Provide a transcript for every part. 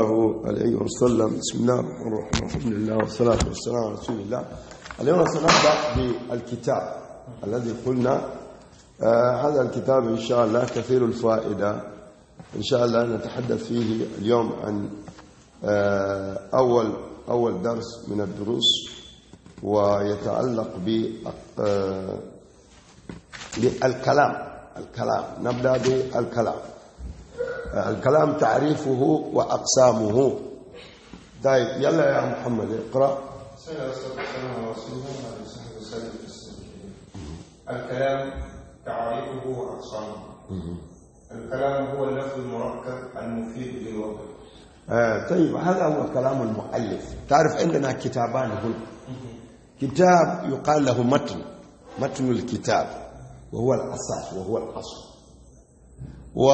الله عليه وسلم بسم الله الرحمن الرحيم الحمد لله والصلاة والسلام على رسول الله اليوم سنبدأ بالكتاب الذي قلنا آه هذا الكتاب إن شاء الله كثير الفائدة إن شاء الله نتحدث فيه اليوم عن آه أول أول درس من الدروس ويتعلق بالكلام آه، الكلام نبدأ بالكلام الكلام تعريفه وأقسامه طيب يلا يا محمد اقرأ السلام الله الكلام تعريفه وأقسامه الكلام هو اللفظ المركب المفيد للوضع آه طيب هذا هو كلام المؤلف تعرف عندنا كتابان هنا كتاب يقال له متن متن الكتاب وهو الأساس وهو الأصل و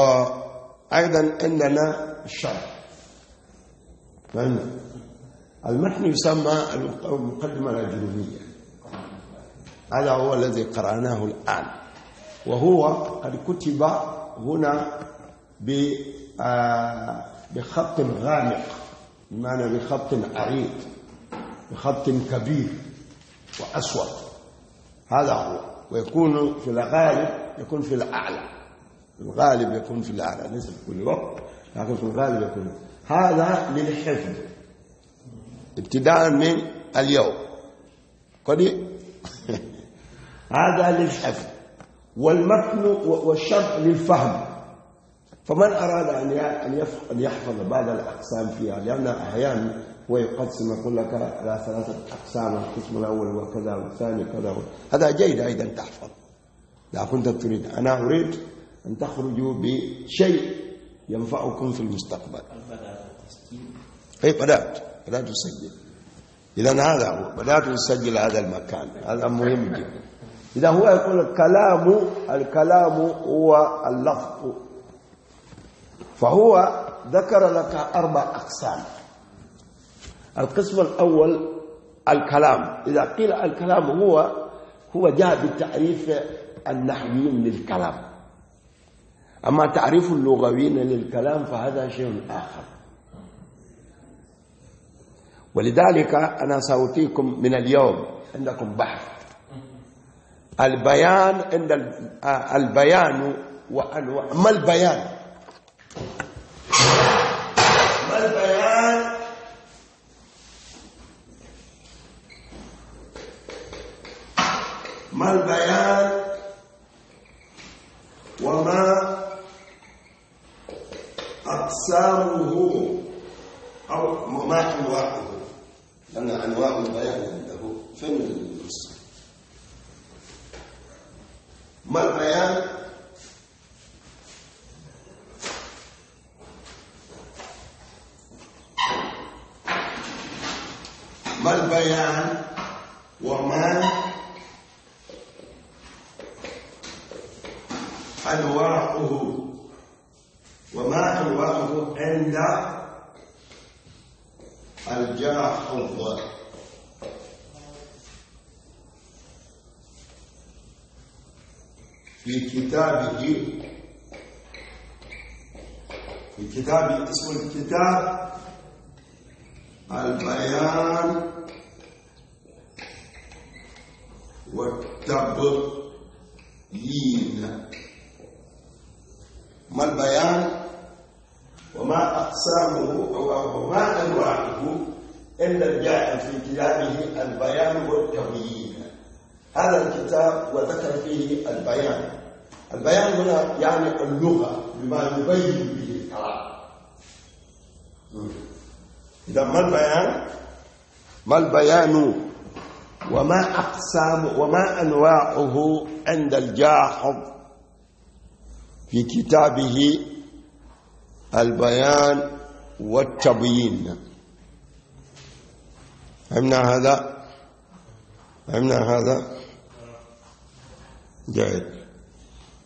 أيضا عندنا الشرح فهمنا المتن يسمى المقدمة الجنوبية هذا هو الذي قرأناه الآن وهو قد كتب هنا آه، بخط غامق بمعنى بخط عريض بخط كبير وأسود هذا هو ويكون في الغالب يكون في الأعلى في الغالب يكون في الأعلى ليس في كل وقت لكن في الغالب يكون هذا للحفظ ابتداء من اليوم قد هذا للحفظ والمتن والشرح للفهم فمن أراد أن أن يحفظ بعض الأقسام فيها لأن أحيانا هو يقسم يقول لك على ثلاثة أقسام القسم الأول وكذا والثاني كذا هذا جيد أيضا تحفظ إذا كنت تريد أنا أريد أن تخرجوا بشيء ينفعكم في المستقبل أي بدأت بدأت تسجل إذا هذا هو بدأت تسجل هذا المكان هذا مهم جدا إذا هو يقول الكلام الكلام هو اللفظ فهو ذكر لك أربع أقسام القسم الأول الكلام إذا قيل الكلام هو هو جاء بالتعريف النحوي للكلام أما تعريف اللغويين للكلام فهذا شيء آخر ولذلك أنا سأعطيكم من اليوم عندكم بحث البيان عند آه، البيان وأنواع ما البيان ما البيان ما البيان أقسامه أو ما أنواعه لأن أنواع البيان عنده فين النص ما البيان ما البيان وما أنواعه وما الوقت عند الجرح أو في كتابه في كتاب اسم الكتاب البيان والتبيين ما البيان وما أقسامه وما أنواعه إلا جاء في كتابه البيان والتبيين هذا الكتاب وذكر فيه البيان البيان هنا يعني اللغة بما يبين به الكلام إذا ما البيان؟ ما البيان وما أقسام وما أنواعه عند الجاحظ في كتابه البيان والتبيين فهمنا هذا فهمنا هذا جيد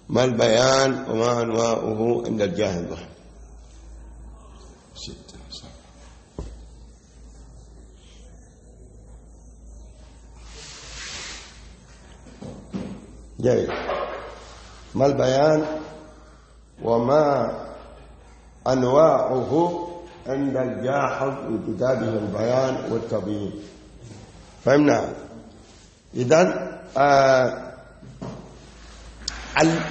ما البيان وما أنواعه عند الجاهل ستة جيد ما البيان وما أنواعه عند الجاحظ في كتابه البيان والتبيين فهمنا إذا آه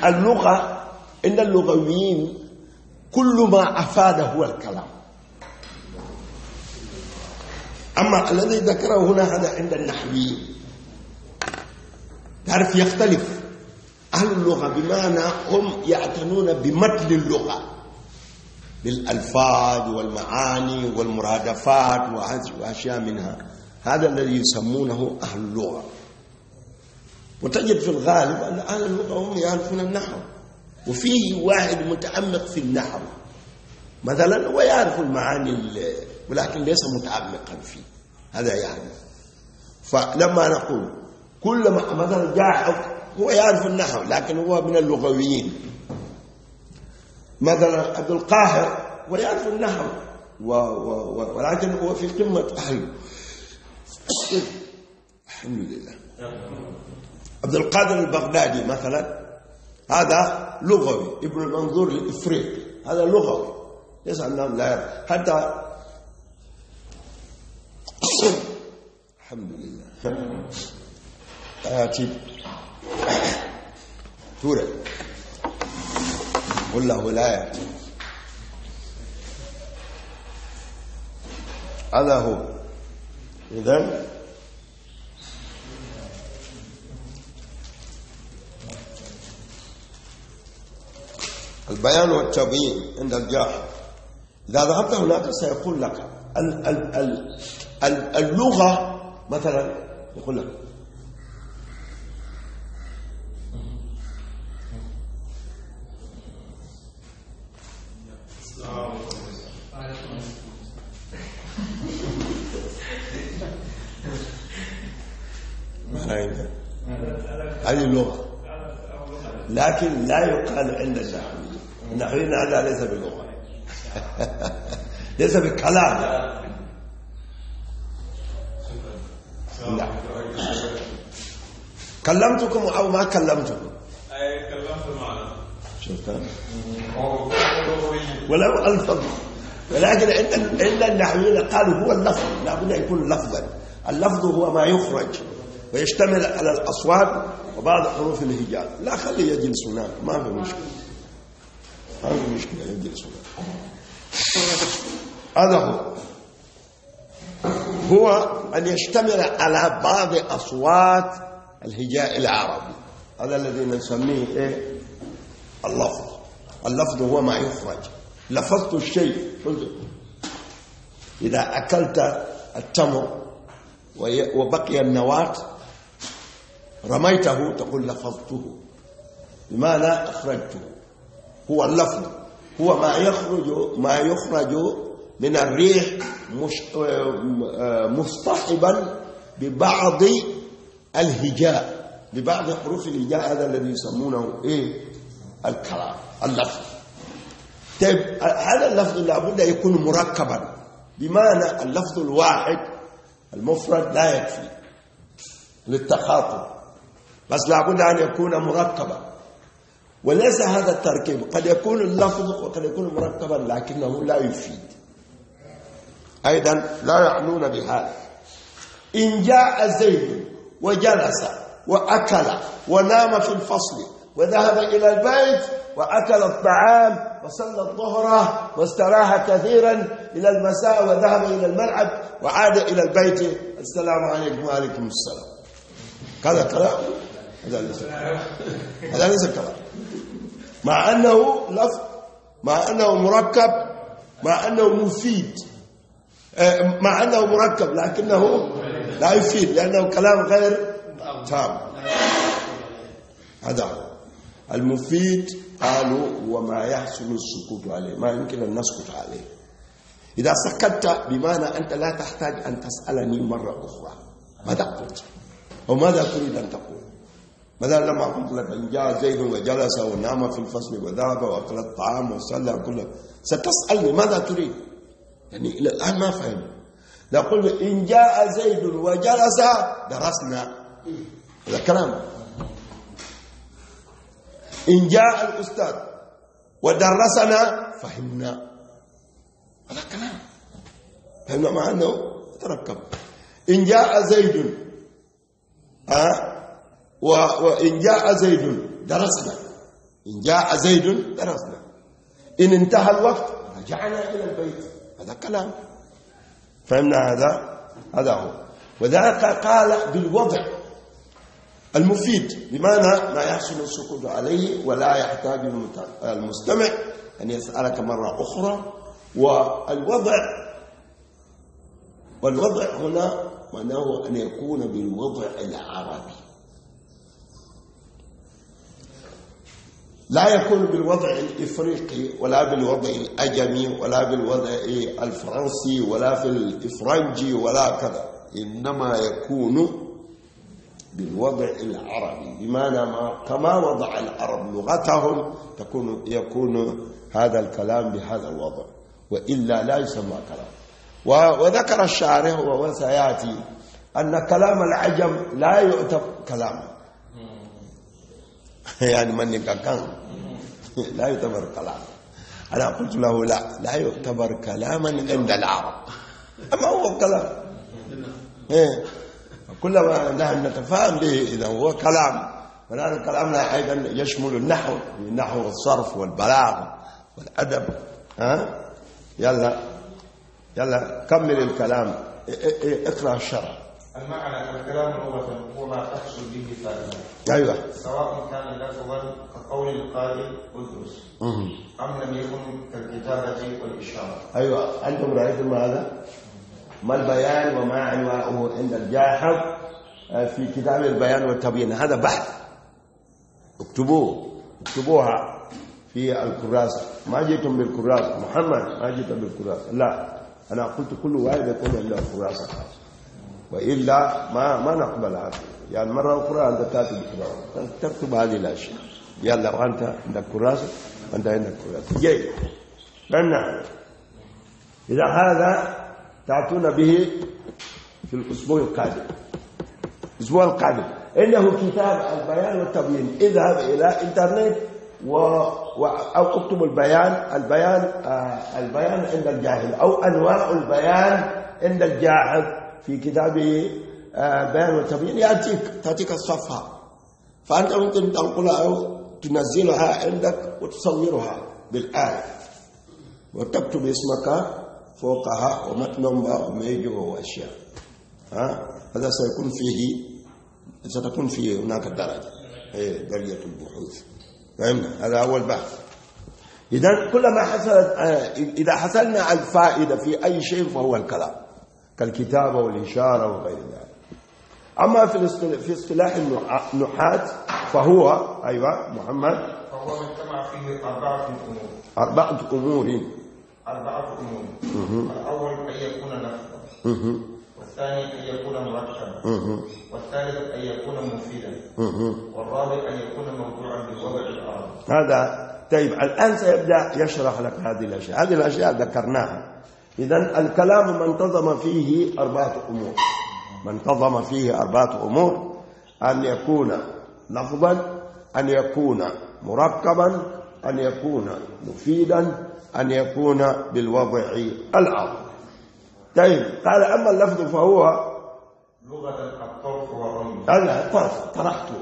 اللغة عند اللغويين كل ما أفاد هو الكلام أما الذي ذكره هنا هذا عند النحويين تعرف يختلف أهل اللغة بمعنى هم يعتنون بمتن اللغة بالألفاظ والمعاني والمرادفات وأشياء منها هذا الذي يسمونه أهل اللغة وتجد في الغالب أن أهل اللغة هم يعرفون النحو وفيه واحد متعمق في النحو مثلا هو يعرف المعاني ولكن ليس متعمقا فيه هذا يعني فلما نقول كل ما مثلا جاء هو يعرف النحو لكن هو من اللغويين مثلا عبد القاهر ويعرف النحو ولكن هو في قمة أهله الحمد لله عبد القادر البغدادي مثلا هذا لغوي ابن المنظور الإفريقي هذا لغوي ليس عندهم لا يعرف حتى الحمد لله آتي آه، تورك كلها ولاية هذا هو اذا البيان والتبيين عند الجاحظ إذا ذهبت هناك سيقول لك اللغة مثلا يقول لك لكن لا يقال عند النحويين النحويين هذا ليس بلغة ليس بالكلام لا كلمتكم أو ما كلمتكم أي كلمت معنا شفت ولو ألفظ ولكن عند النحويين قالوا هو اللفظ لابد يكون لفظا اللفظ هو ما يخرج ويشتمل على الأصوات وبعض حروف الهجاء لا خليه يجلس هناك ما في مشكلة ما في مشكلة يجلس هناك هذا هو هو أن يشتمل على بعض أصوات الهجاء العربي هذا الذي نسميه إيه؟ اللفظ اللفظ هو ما يخرج لفظت الشيء إذا أكلت التمر وبقي النواة رميته تقول لفظته لماذا اخرجته هو اللفظ هو ما يخرج ما يخرج من الريح مصطحبا ببعض الهجاء ببعض حروف الهجاء هذا الذي يسمونه ايه الكلام اللفظ طيب هذا اللفظ لابد ان يكون مركبا بمعنى اللفظ الواحد المفرد لا يكفي للتخاطب بس لابد أن يكون مركبا وليس هذا التركيب قد يكون اللفظ وقد يكون مركبا لكنه لا يفيد أيضا لا يعنون بهذا إن جاء زيد وجلس وأكل ونام في الفصل وذهب إلى البيت وأكل الطعام وصلى الظهر واستراح كثيرا إلى المساء وذهب إلى الملعب وعاد إلى البيت السلام عليكم وعليكم السلام هذا كلام هذا ليس هذا ليس كلام مع انه لفظ مع انه مركب مع انه مفيد آه، مع انه مركب لكنه لا يفيد لانه كلام غير تام هذا المفيد قالوا وما يحسن السكوت عليه ما يمكن ان نسكت عليه اذا سكت بمعنى انت لا تحتاج ان تسالني مره اخرى ماذا قلت او ماذا تريد ان تقول بدل لما قلت لك إن جاء زيد وجلس ونام في الفصل وذهب وأكل الطعام وصلى كله ستسألني ماذا تريد؟ يعني إلى الآن ما فهم نقول إن جاء زيد وجلس درسنا هذا كلام إن جاء الأستاذ ودرسنا فهمنا هذا كلام فهمنا مع أنه تركب إن جاء زيد أه وإن جاء زيد درسنا إن جاء زيد درسنا إن انتهى الوقت رجعنا إلى البيت هذا كلام فهمنا هذا هذا هو وذلك قال بالوضع المفيد بمعنى ما يحسن السكوت عليه ولا يحتاج المستمع أن يسألك مرة أخرى والوضع والوضع هنا معناه أن يكون بالوضع العربي لا يكون بالوضع الافريقي ولا بالوضع الاجمي ولا بالوضع الفرنسي ولا في الافرنجي ولا كذا انما يكون بالوضع العربي بمعنى ما كما وضع العرب لغتهم تكون يكون هذا الكلام بهذا الوضع والا لا يسمى كلام وذكر الشارح وهو سياتي ان كلام العجم لا يؤتى كلاما يعني من كان لا يعتبر كلام أنا قلت له لا لا يعتبر كلاما عند العرب أما هو كلام كل إيه. كلما نحن نتفاهم به إذا هو كلام الكلام كلامنا أيضا يشمل النحو النحو والصرف والبلاغة والأدب ها يلا يلا كمل الكلام اقرأ الشرح المعنى الكلام لغة هو ما تحصل به فائدة أيوة سواء كان لفظا كقول القائل ادرس أم لم يكن كالكتابة والإشارة أيوة أنتم رأيتم هذا؟ ما البيان وما أنواعه عند الجاحظ آه، في كتاب البيان والتبيين هذا بحث اكتبوه اكتبوها في الكراسة ما جئتم بالكراسة محمد ما جئتم بالكراسة لا أنا قلت كل واحد يكون عنده كراسة خاصة وإلا ما ما نقبل هذا يعني مرة أخرى أنت تأتي بالقرآن تكتب هذه الأشياء يلا وأنت عندك كراسة وأنت عندك كراسة جيد بنا إذا هذا تعطون به في الأسبوع القادم الأسبوع القادم إنه كتاب البيان والتبيين اذهب إلى إنترنت و... و... أو اكتب البيان البيان آه البيان عند الجاهل أو أنواع البيان عند الجاهل في كتابه آه، بيان وتبيين يأتيك يعني تأتيك الصفحة فأنت ممكن تنقلها أو تنزلها عندك وتصورها بالآية وتكتب اسمك فوقها ومتنمبر وميجو وأشياء ها هذا سيكون فيه ستكون فيه هناك درجة إيه، درجة البحوث فهمنا هذا أول بحث إذا كلما حصلت آه، إذا حصلنا على الفائدة في أي شيء فهو الكلام كالكتابة والإشارة وغير ذلك أما في في اصطلاح النحاة فهو أيوة محمد فهو من اجتمع فيه أربعة أمور أربعة أمور أربعة أمور الأول أن يكون نفسه والثاني أن يكون مركبا والثالث أن يكون مفيدا والرابع أن يكون موضوعا بوضع الأرض هذا طيب الآن سيبدأ يشرح لك هذه الأشياء هذه الأشياء ذكرناها إذا الكلام ما انتظم فيه أربعة أمور ما انتظم فيه أربعة أمور أن يكون لفظا أن يكون مركبا أن يكون مفيدا أن يكون بالوضع الأرض طيب قال أما اللفظ فهو لغة الطرف والرمي أنا طرف طرحته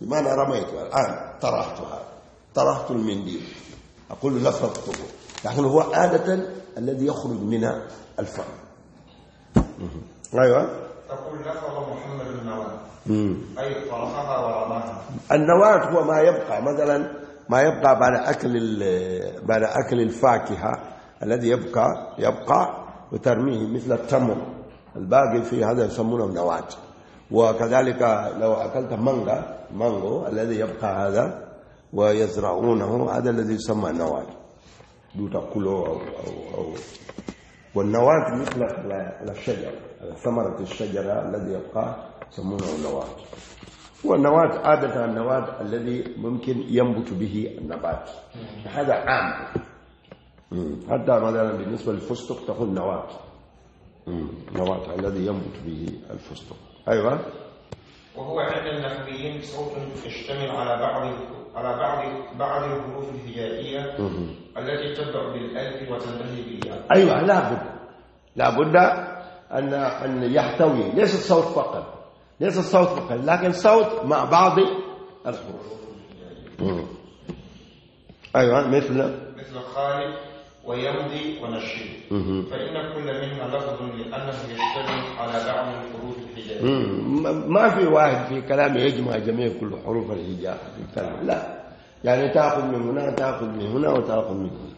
بمعنى رميته الآن طرحتها طرحت المنديل أقول لفظته لكن هو عادة الذي يخرج من الفم ايوه تقول لفظ محمد النواه اي طرحها ورماها النواه هو ما يبقى مثلا ما يبقى بعد اكل بعد اكل الفاكهه الذي يبقى يبقى وترميه مثل التمر الباقي في هذا يسمونه نواه وكذلك لو اكلت مانجا مانجو الذي يبقى هذا ويزرعونه هذا الذي يسمى نواه لتأكله أو, أو, أو والنواة مثل على الشجر على ثمرة الشجرة الذي يبقى يسمونه النواة والنواة عادة النواة الذي ممكن ينبت به النبات هذا عام حتى مثلا بالنسبة للفستق تقول نواة نواة الذي ينبت به الفستق أيوة وهو عند النحويين صوت يشتمل على بعض على بعض بعض الحروف الهجائية التي تبدأ بالألف وتنتهي بالياء أيوه لابد لابد أن أن يحتوي ليس الصوت فقط ليس الصوت فقط لكن صوت مع بعض الحروف أيوه مثل مثل خالد ويمضي ونشيد فإن كل منها لفظ لأنه يشتمل على دعم الحروف الحجازية ما في واحد في كلامه يجمع جميع كل حروف الحجاز لا يعني تأخذ من هنا تأخذ من هنا وتأخذ من هنا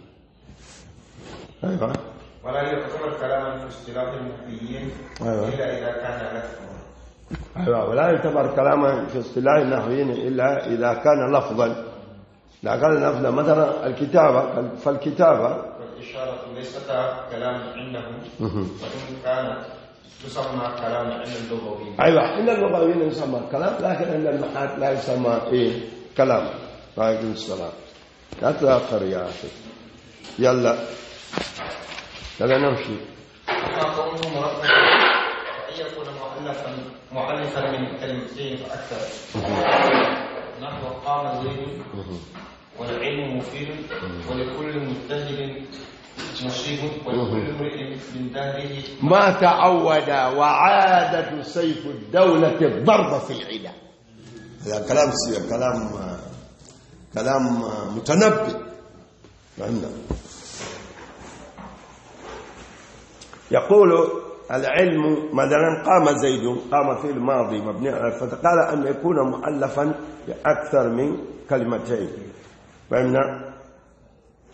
أيوة ولا يعتبر كلاما في اصطلاح النحويين أيوة. إلا إذا كان لفظا أيوة ولا يعتبر كلاما في اصطلاح النحويين إلا إذا كان لفظا إذا كان لفظا مثلا الكتابة فالكتابة الإشارة ليست كلام عندهم وإن كانت تسمى كلام عند اللغويين أيوة عند اللغويين يسمى كلام لكن عند النحاة لا يسمى إيه كلام عليكم السلام لا تتأخر يا أخي يلا يلا نمشي قوله مرتبة أن يكون مؤلفا مؤلفا من كلمتين فأكثر نحو قام زيد والعلم مفيد ولكل مجتهد ما تعود وعادة سيف الدولة الضرب في العلا هذا كلام سيئ كلام كلام متنبئ فهمنا نعم. يقول العلم مثلا قام زيد قام في الماضي مبني فقال أن يكون مؤلفا بأكثر من كلمتين فهمنا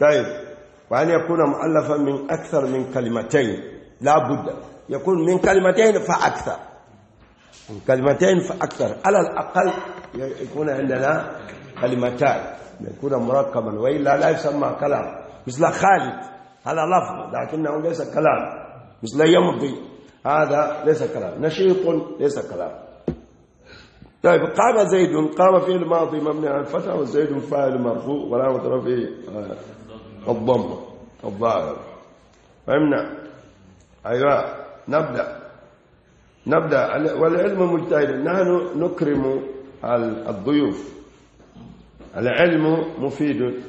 طيب وأن يكون مؤلفا من أكثر من كلمتين لا بد يكون من كلمتين فأكثر من كلمتين فأكثر على الأقل يكون عندنا كلمتان يكون مركبا وإلا لا يسمى كلام مثل خالد هذا لفظ لكنه ليس كلام مثل يمضي هذا ليس كلام نشيط ليس كلام طيب قام زيد قام في الماضي مبني على الفتح وزيد فاعل مرفوع ولا مترفع الضمة الظاهر فهمنا أيوة نبدأ نبدأ والعلم مجتهد نحن نكرم الضيوف العلم مفيد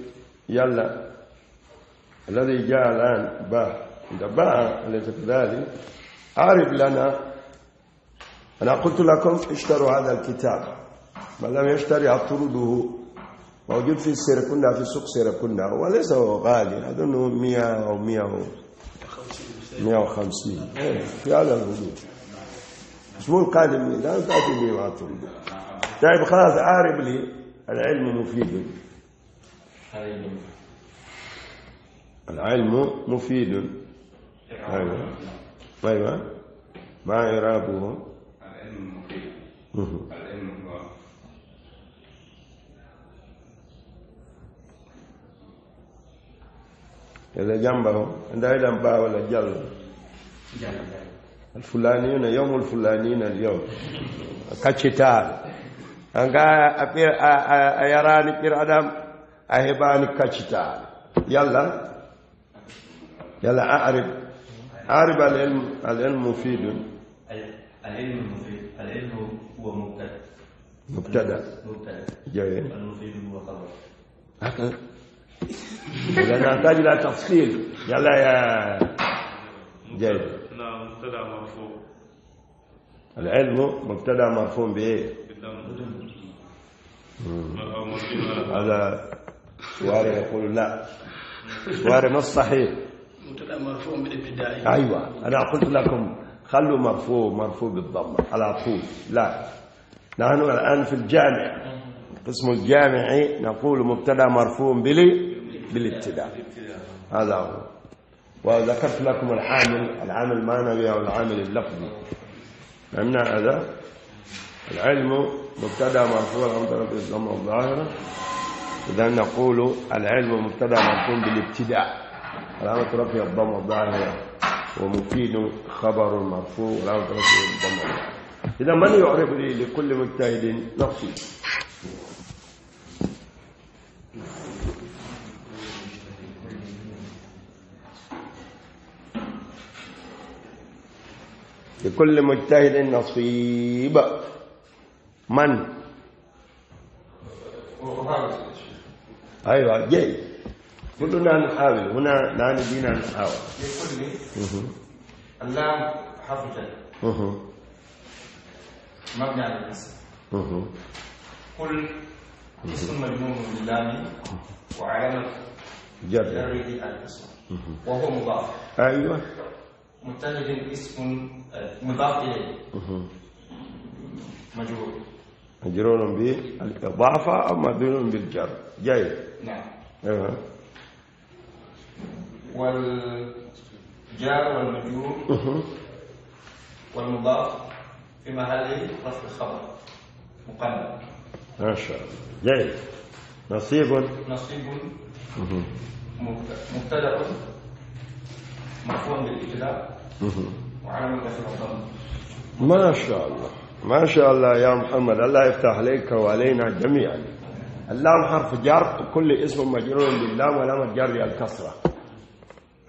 يلا الذي جاء الآن باع إذا باع أليس كذلك أعرف لنا أنا قلت لكم اشتروا هذا الكتاب من لم يشتري أطرده موجود في سيركنا في سوق سيركنا وليس غالي أظنه 100 أو 100 150 إيه، في هذا الحدود الأسبوع القادم لا تأتي لي وأعطوا طيب خلاص عارب لي العلم مفيد العلم مفيد أيوة أيوة ما إعرابه العلم مفيد يلا جنبه دايلا با ولا جل الفلانيون يوم الفلانيين اليوم كاتشتار أنك أبير أيراني بير أدم أهباني كاتشتار يلا يلا أعرف أعرف العلم العلم مفيد العلم مفيد العلم هو مبتدأ مبتدأ مبتدأ جميل المفيد هو خبر هكذا أه، نحتاج الى تفصيل يلا يا جيد مبتدا مرفوع العلم مبتدا مرفوع بايه هذا سواري يقول لا سواري مش صحيح مبتدا مرفوع بالابتدائي ايوه انا قلت لكم خلوا مرفوع مرفوع بالضمه على طول لا نحن الان في الجامع قسم الجامعي نقول مبتدا مرفوع بلي بالابتداء هذا هو وذكرت لكم العامل العامل المعنوي أو العامل اللفظي فهمنا هذا العلم مبتدا مرفوع عن طريق الضم الظاهره اذا نقول العلم مبتدا مرفوع بالابتداء علامه رفع الضم الظاهره ومفيد خبر مرفوع علامه رفع الضم الظاهره اذا من يعرف لي لكل مجتهد نصيب لكل مجتهد نصيب من ايوه جيد كلنا نحاول هنا لا ندينا نحاول لكل اللام حرف جر مبني على الاسم قل اسم مجنون باللام وعلامه جره الاسم وهو مضاف ايوه متجه اسم آه، مضاف إليه مجرور مجرور بالإضافة أو مجرور بالجر جيد نعم أه. والجار والمجرور والمضاف في محل رفع الخبر مقدم ما شاء الله جيد نصيب نصيب مبتدأ مفهوم وعلم ما شاء الله ما شاء الله يا محمد الله يفتح عليك وعلينا جميعا اللام حرف جر كل اسم مجرور باللام ولام الجر الكسرة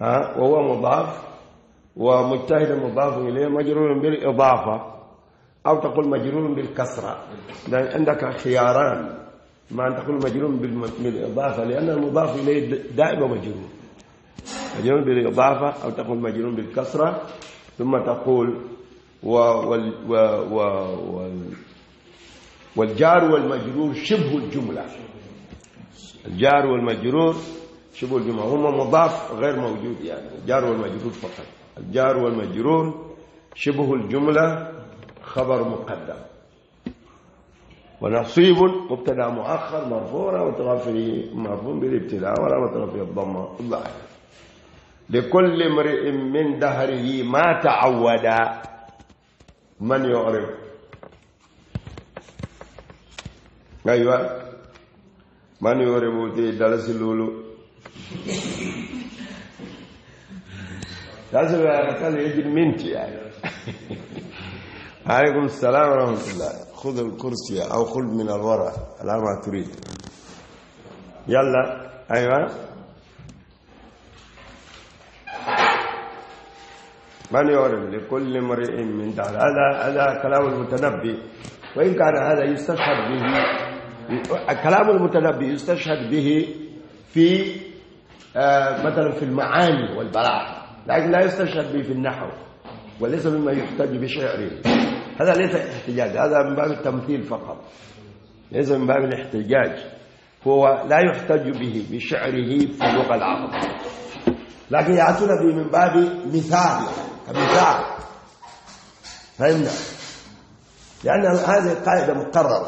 ها وهو مضاف ومجتهد مضاف إليه مجرور بالإضافة أو تقول مجرور بالكسرة لأن عندك خياران ما أن تقول مجرور بالإضافة لأن المضاف إليه دائما مجرور مجنون بالإضافة أو تقول مجنون بالكسرة ثم تقول و وال و و وال والجار والمجرور شبه الجملة الجار والمجرور شبه الجملة هما مضاف غير موجود يعني الجار والمجرور فقط الجار والمجرور شبه الجملة خبر مقدم ونصيب مبتدا مؤخر مرفوع وترى في مرفوع بالابتداء ولا وترى في الضمه الظاهره لكل امرئ من دهره ما تعودا من يعرف أيوة من يعرف دي دلس لولو لازم قال يجي منتي يعني عليكم السلام ورحمة الله خذ الكرسي أو خذ من الورع لا ما تريد يلا أيوة من يعرف لكل امرئ من دار هذا هذا كلام المتنبي وإن كان هذا يستشهد به كلام المتنبي يستشهد به في آه، مثلا في المعاني والبلاغة لكن لا يستشهد به في النحو وليس مما يحتج بشعره هذا ليس احتجاج هذا من باب التمثيل فقط ليس من باب الاحتجاج هو لا يحتج به بشعره في اللغة العربية لكن يأتون به من باب مثال كمنفعة فهمنا لأن هذه قاعدة مقررة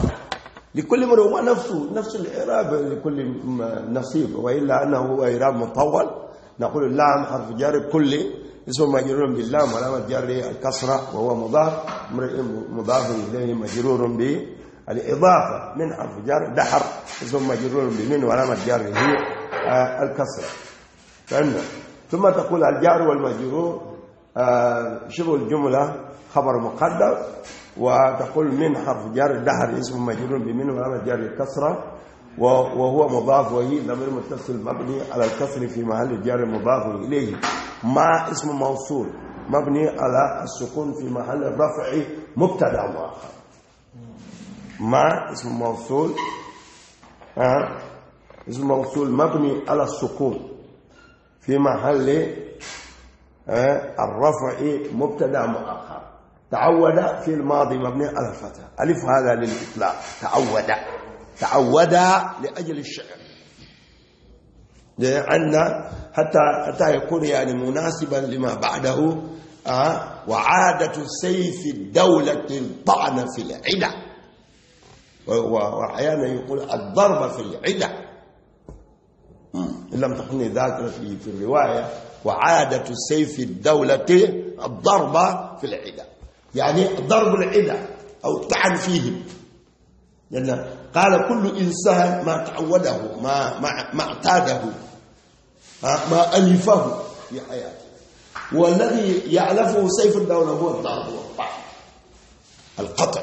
لكل من هو نفسه نفس الإعراب لكل نصيب وإلا أنه هو إعراب مطول نقول اللام حرف جار كل اسم مجرور باللام ولام الجار الكسرة وهو مضاف مضاف إليه مجرور بالإضافة من حرف جار دحر اسم مجرور بمن وعلامة جره آه، الكسرة فهمنا ثم تقول الجار والمجرور آه، شغل جملة خبر مقدر وتقول من حرف جار الدهر اسم مجرور بمن وعلى جار الكسرة وهو مضاف وهي ضمير متصل مبني على الكسر في محل الجار المضاف إليه مع اسم موصول مبني على السكون في محل رفع مبتدا مؤخر مع اسم موصول آه، اسم موصول مبني على السكون في محل إيه؟ الرفع مبتدا مؤخر تعود في الماضي مبني على الفتح الف هذا للاطلاق تعود تعود لاجل الشعر لان حتى حتى يكون يعني مناسبا لما بعده آه؟ وعاده سيف الدوله الطعن في العلة واحيانا يقول الضرب في العلة ان لم تكن ذاكره في الروايه وعادة سيف الدولة الضربة في العلا يعني ضرب العلا أو الطعن فيهم لأن قال كل إنسان ما تعوده ما, ما, ما اعتاده ما ألفه في حياته والذي يعلفه سيف الدولة هو الضرب والطعن القطع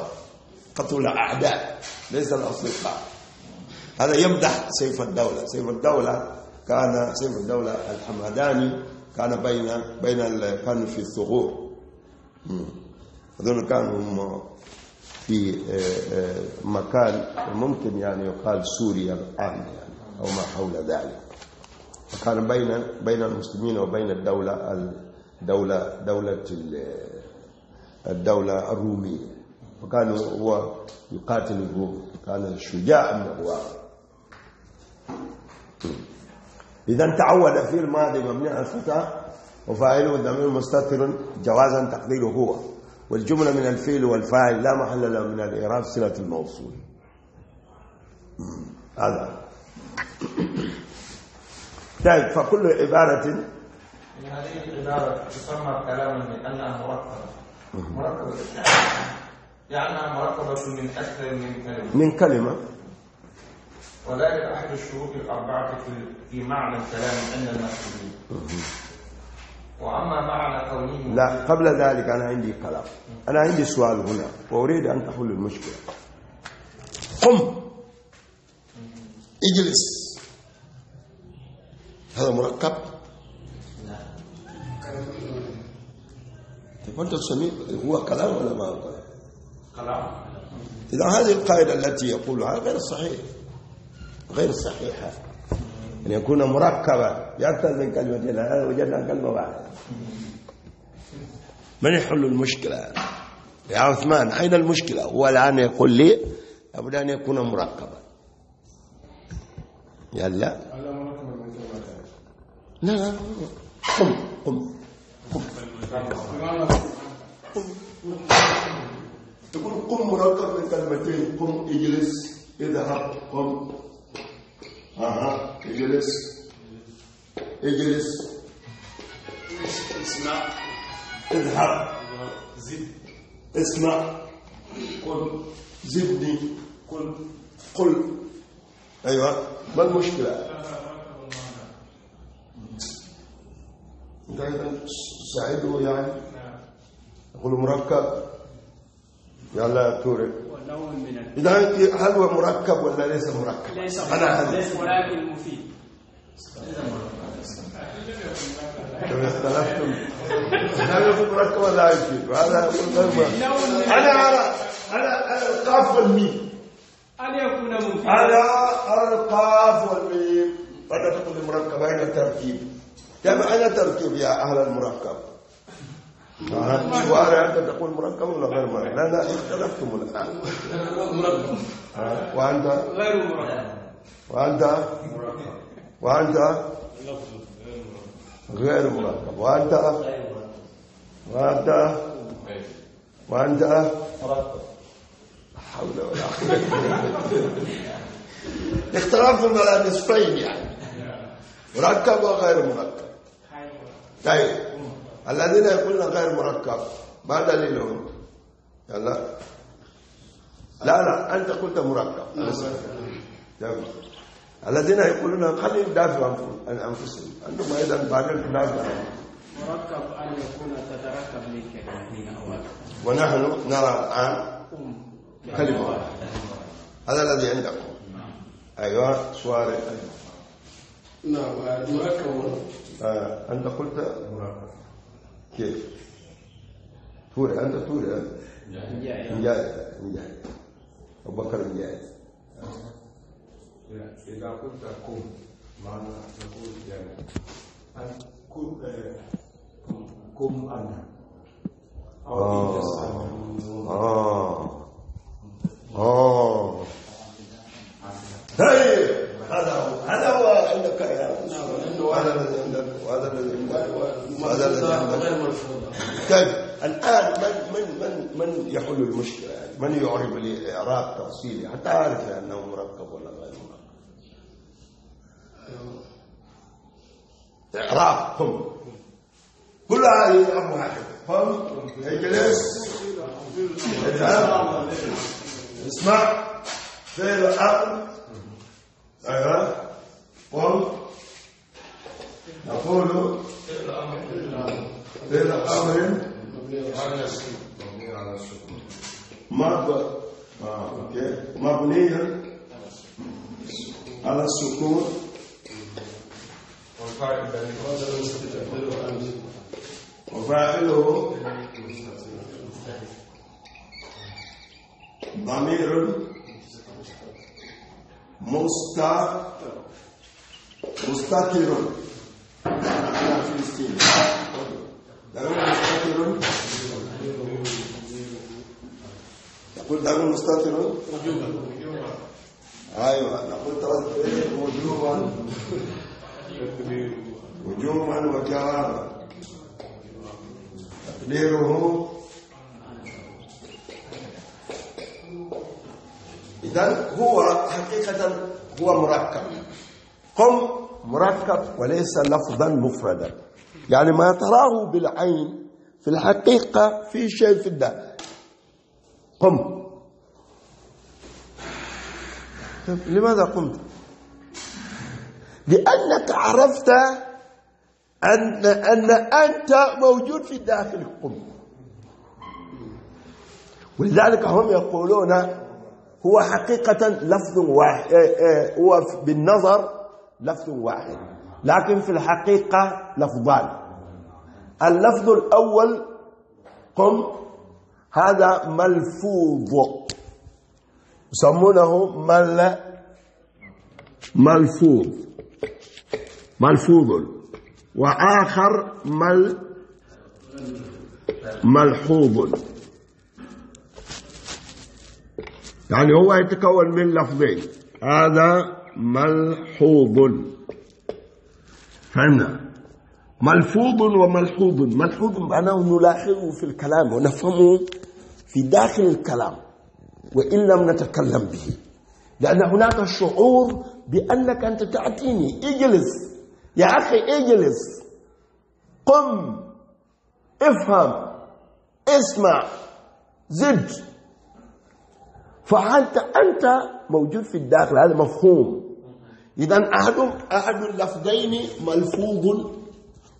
قتل الأعداء ليس الأصدقاء هذا يمدح سيف الدولة سيف الدولة كان سيف الدولة الحمداني كان بين بين كانوا في الثغور هذول كانوا هم في آه، آه، مكان ممكن يعني يقال سوريا الآن يعني أو ما حول ذلك فكان بين بين المسلمين وبين الدولة الدولة دولة الدولة الرومية فكان هو يقاتل الروم كان شجاع من أبواب إذا تعود في الماضي مبني على الفتى وفاعله ضمير مستتر جوازا تقديره هو والجملة من الفيل والفاعل لا محل له من الإعراب صلة الموصول هذا طيب فكل عبارة يعني هذه العبارة تسمى كلاما لأنها مركبة مركبة يعني مركبة من أكثر من كلمة من كلمة وذلك أحد الشروط الأربعة في معنى الكلام أن المسلمين وأما معنى كونه لا قبل ذلك أنا عندي كلام أنا عندي سؤال هنا وأريد أن تحل المشكلة قم اجلس هذا مركب لا طيب، تقول تسميه هو كلام ولا ما هو كلام كلام إذا هذه القاعدة التي يقولها غير صحيح غير صحيحة أن يكون مركبا بأكثر من كلمتين هذا وجدنا كلمة واحدة من يحل المشكلة يا عثمان أين المشكلة هو الآن يقول لي لابد أن يكون مركبا يلا لا لا قم قم قم تقول قم مركب من كلمتين قم اجلس اذهب قم اها اجلس اجلس اسمع اذهب زد اسمع قل زدني قل قل ايوه ما المشكله دائما ساعده يعني يقول مركب يلا تورك من إذا هل هو مركب ولا ليس مركب؟ ليس مركب ليس ولكن مفيد مركب اختلفتم هل يكون مركب ولا يفيد؟ وهذا أنا أرى أنا أنا القاف والميم أن يكون مفيد أنا القاف والميم فتدخل اين التركيب؟ كم اين التركيب يا أهل المركب؟ شوارع أنت تقول مركب ولا غير مركب لا لا اختلفتم الآن مركب وأنت غير مركب وأنت وأنت غير مركب وأنت وأنت وأنت مركب حول ولا قوة اختلفتم على نصفين يعني مركب وغير مركب طيب الذين يقولون غير مركب ما دليلهم يلا لا لا أنت قلت مركب الذين يقولون خليهم يدافعوا عن أنفسهم أنتم أيضا بعدين تدافعوا مركب أن يكون تتركب من كلمتين ونحن نرى الآن كلمة واحدة هذا الذي عندكم نعم. أيوة سؤال نعم مركب آه، أنت قلت مركب ¿Qué? ¿Ture? ¿Anto ture? Ya, ya, ya. Ya, ya. O bakar ya. Ya, ya, ya. Mana aku ya. An ku eh kum an. Oh. Oh. Oh. Hey. هذا هو هذا هو عندك وهذا نعم. الذي عندك وهذا الذي عندك وهذا الذي عندك غير طيب الان من من من من يحل المشكله يعني من يعرب لي اعراب تفصيلي حتى اعرف يعني انه مركب ولا غير مركب اعراب هم كل هذه الامر واحد فهم اجلس نعم. اسمع فين الامر أيوة قل نقول فعل أمر مبني على السكون مبني وفاعله ضمير Musta, mustatirun ana filistini daga mustatirun تقول دعوة مستطر أيوة نقول وجوبا وجوبا وكرارا تقديره إذا هو حقيقة هو مركب قم مركب وليس لفظا مفردا يعني ما تراه بالعين في الحقيقة في شيء في الداخل قم طيب لماذا قمت لأنك عرفت أن, أن أنت موجود في داخل قم ولذلك هم يقولون هو حقيقة لفظ واحد آه، آه، هو بالنظر لفظ واحد لكن في الحقيقة لفظان اللفظ الأول قم هذا ملفوظ يسمونه مل ملفوظ ملفوظ وآخر مل ملحوظ يعني هو يتكون من لفظين هذا ملحوظ فهمنا ملفوظ وملحوظ ملحوظ معناه نلاحظه في الكلام ونفهمه في داخل الكلام وإن لم نتكلم به لأن هناك شعور بأنك أنت تعطيني اجلس يا أخي اجلس قم افهم اسمع زد فأنت أنت موجود في الداخل هذا مفهوم إذا أحد أحد اللفظين ملفوظ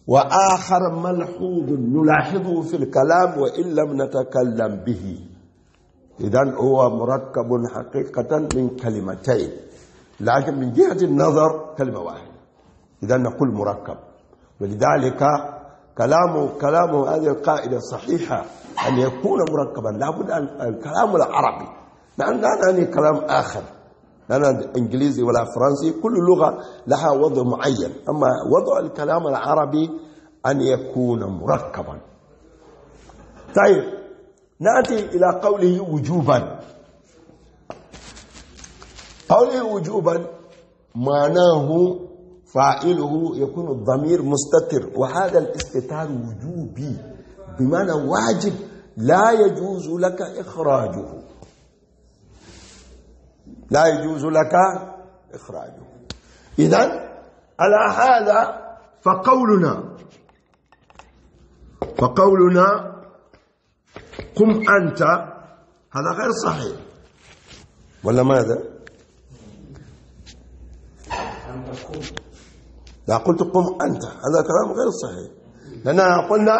وآخر ملحوظ نلاحظه في الكلام وإن لم نتكلم به إذا هو مركب حقيقة من كلمتين لكن من جهة النظر كلمة واحدة إذا نقول مركب ولذلك كلامه كلامه هذه القاعدة صحيحة أن يكون مركبا لابد الكلام العربي نعم، لأن نعني كلام آخر لأن إنجليزي ولا فرنسي كل لغة لها وضع معين أما وضع الكلام العربي أن يكون مركبا طيب نأتي إلى قوله وجوبا قوله وجوبا معناه فاعله يكون الضمير مستتر وهذا الاستتار وجوبي بمعنى واجب لا يجوز لك إخراجه لا يجوز لك إخراجه إذا على هذا فقولنا فقولنا قم أنت هذا غير صحيح ولا ماذا لا قلت قم أنت هذا كلام غير صحيح لنا قلنا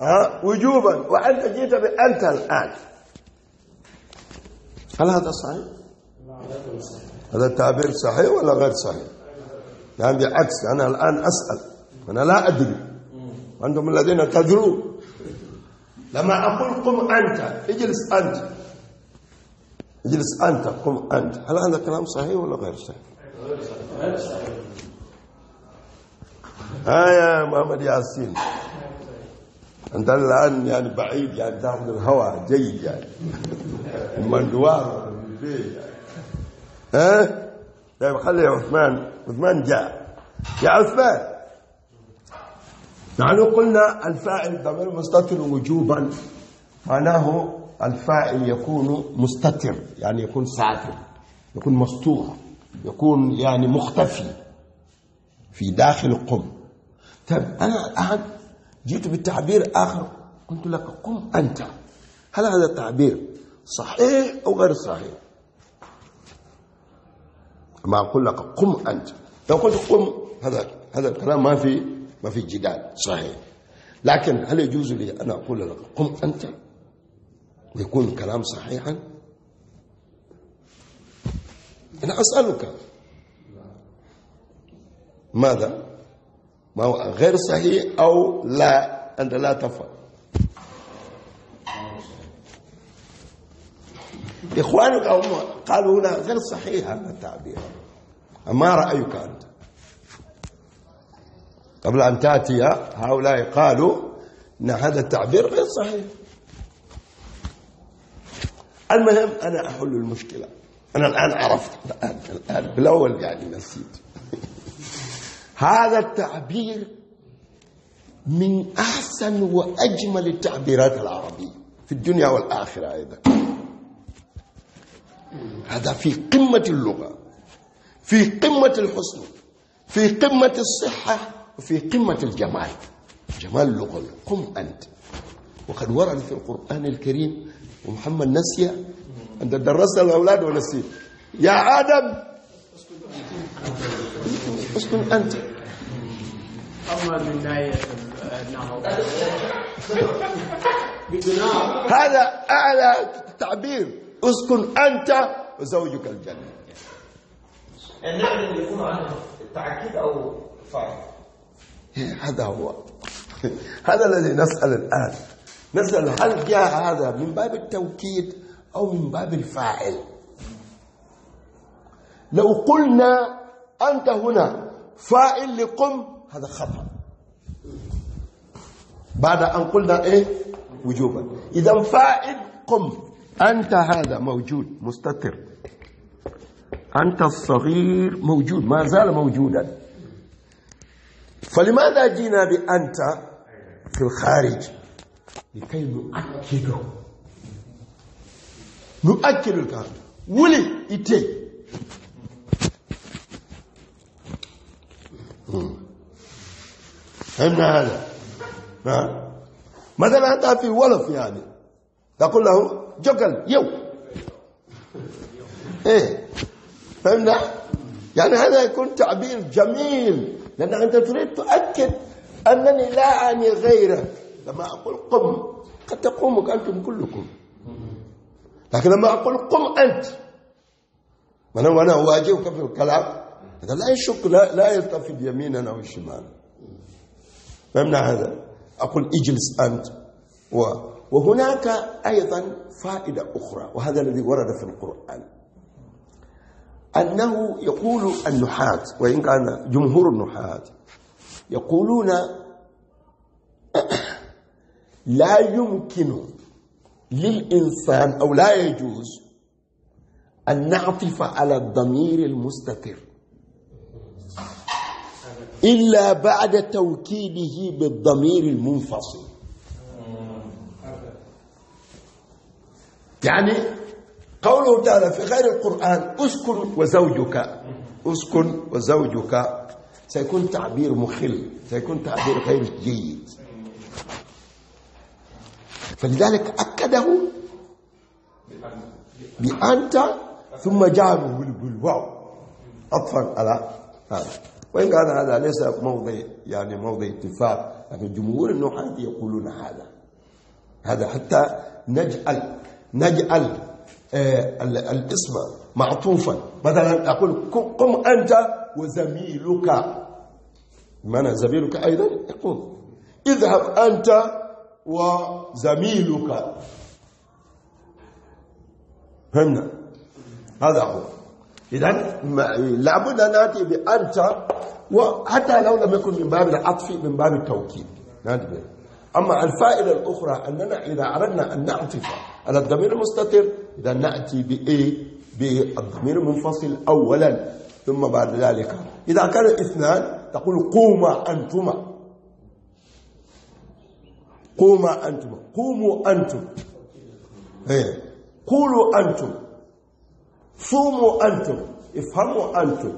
ها وجوبا وأنت جئت بأنت الآن هل هذا صحيح هذا التعبير صحيح ولا غير صحيح يعني عكس أنا الآن أسأل أنا لا أدري وأنتم الذين تدرون لما أقول قم أنت اجلس أنت اجلس أنت قم أنت هل هذا كلام صحيح ولا غير صحيح ها يا محمد ياسين أنت الآن يعني بعيد يعني تأخذ الهواء جيد يعني من دوار البيت يعني ها إيه؟ طيب خلي يا عثمان عثمان جاء يا عثمان نحن قلنا الفاعل ضمير مستتر وجوبا معناه الفاعل يكون مستتر يعني يكون ساتر يكون مستور يكون يعني مختفي في داخل قم طيب أنا الآن جئت بالتعبير آخر قلت لك قم أنت هل هذا التعبير صحيح أو غير صحيح ما أقول لك قم أنت لو قلت قم هذا هذا الكلام ما في ما في جدال صحيح لكن هل يجوز لي أن أقول لك قم أنت ويكون الكلام صحيحا أنا أسألك ماذا ما هو غير صحيح أو لا أنت لا تفهم إخوانك أو قالوا لا غير صحيح هذا التعبير ما رأيك أنت قبل أن تأتي هؤلاء قالوا أن هذا التعبير غير صحيح المهم أنا أحل المشكلة أنا الآن عرفت الآن, الآن بالأول يعني نسيت هذا التعبير من أحسن وأجمل التعبيرات العربية في الدنيا والآخرة أيضا هذا في قمة اللغة في قمة الحسن في قمة الصحة وفي قمة الجمال جمال اللغة قم أنت وقد ورد في القرآن الكريم ومحمد نسي أنت درست الأولاد ونسيت يا آدم اسكن أنت هذا أعلى تعبير اسكن انت وزوجك الجنه النعم يعني اللي يكون عنه التعكيد او الفعل هذا هو هذا الذي نسال الان نسال هل جاء هذا من باب التوكيد او من باب الفاعل لو قلنا انت هنا فاعل لقم هذا خطا بعد ان قلنا ايه وجوبا اذا فاعل قم أنت هذا موجود مستتر أنت الصغير موجود ما زال موجودا فلماذا جينا بأنت في الخارج لكي نؤكده نؤكد الكلام ولي إتي فهمنا هذا مثلا أنت في ولف يعني تقول له جوجل يو ايه فهمنا يعني هذا يكون تعبير جميل لأن أنت تريد تؤكد أنني لا أعني غيرك لما أقول قم قد تقومك أنتم كلكم لكن لما أقول قم أنت وأنا وأنا أواجهك في الكلام هذا لا يشك لا, لا يلتفت يمينا أو شمالا فهمنا هذا أقول اجلس أنت و وهناك أيضا فائدة أخرى وهذا الذي ورد في القرآن أنه يقول النحاة وإن كان جمهور النحاة يقولون لا يمكن للإنسان أو لا يجوز أن نعطف على الضمير المستتر إلا بعد توكيده بالضمير المنفصل يعني قوله تعالى في غير القرآن أسكن وزوجك أسكن وزوجك سيكون تعبير مخل سيكون تعبير غير جيد فلذلك أكده بأنت ثم جعله بالواو عطفا على هذا وإن كان هذا ليس موضع يعني موضع اتفاق لكن جمهور النحاة يقولون هذا هذا حتى نجعل نجعل آه، الاسم معطوفا مثلا أقول قم أنت وزميلك بمعنى زميلك أيضا يقوم اذهب أنت وزميلك فهمنا هذا هو إذا لابد أن نأتي بأنت وحتى لو لم يكن من باب العطف من باب التوكيد أما الفائدة الأخرى أننا إذا أردنا أن نعطف على الضمير المستتر إذا نأتي بإيه بالضمير المنفصل أولا ثم بعد ذلك إذا كان اثنان تقول قوما أنتما قوما أنتما قوموا أنتم إيه قولوا أنتم صوموا أنتم افهموا أنتم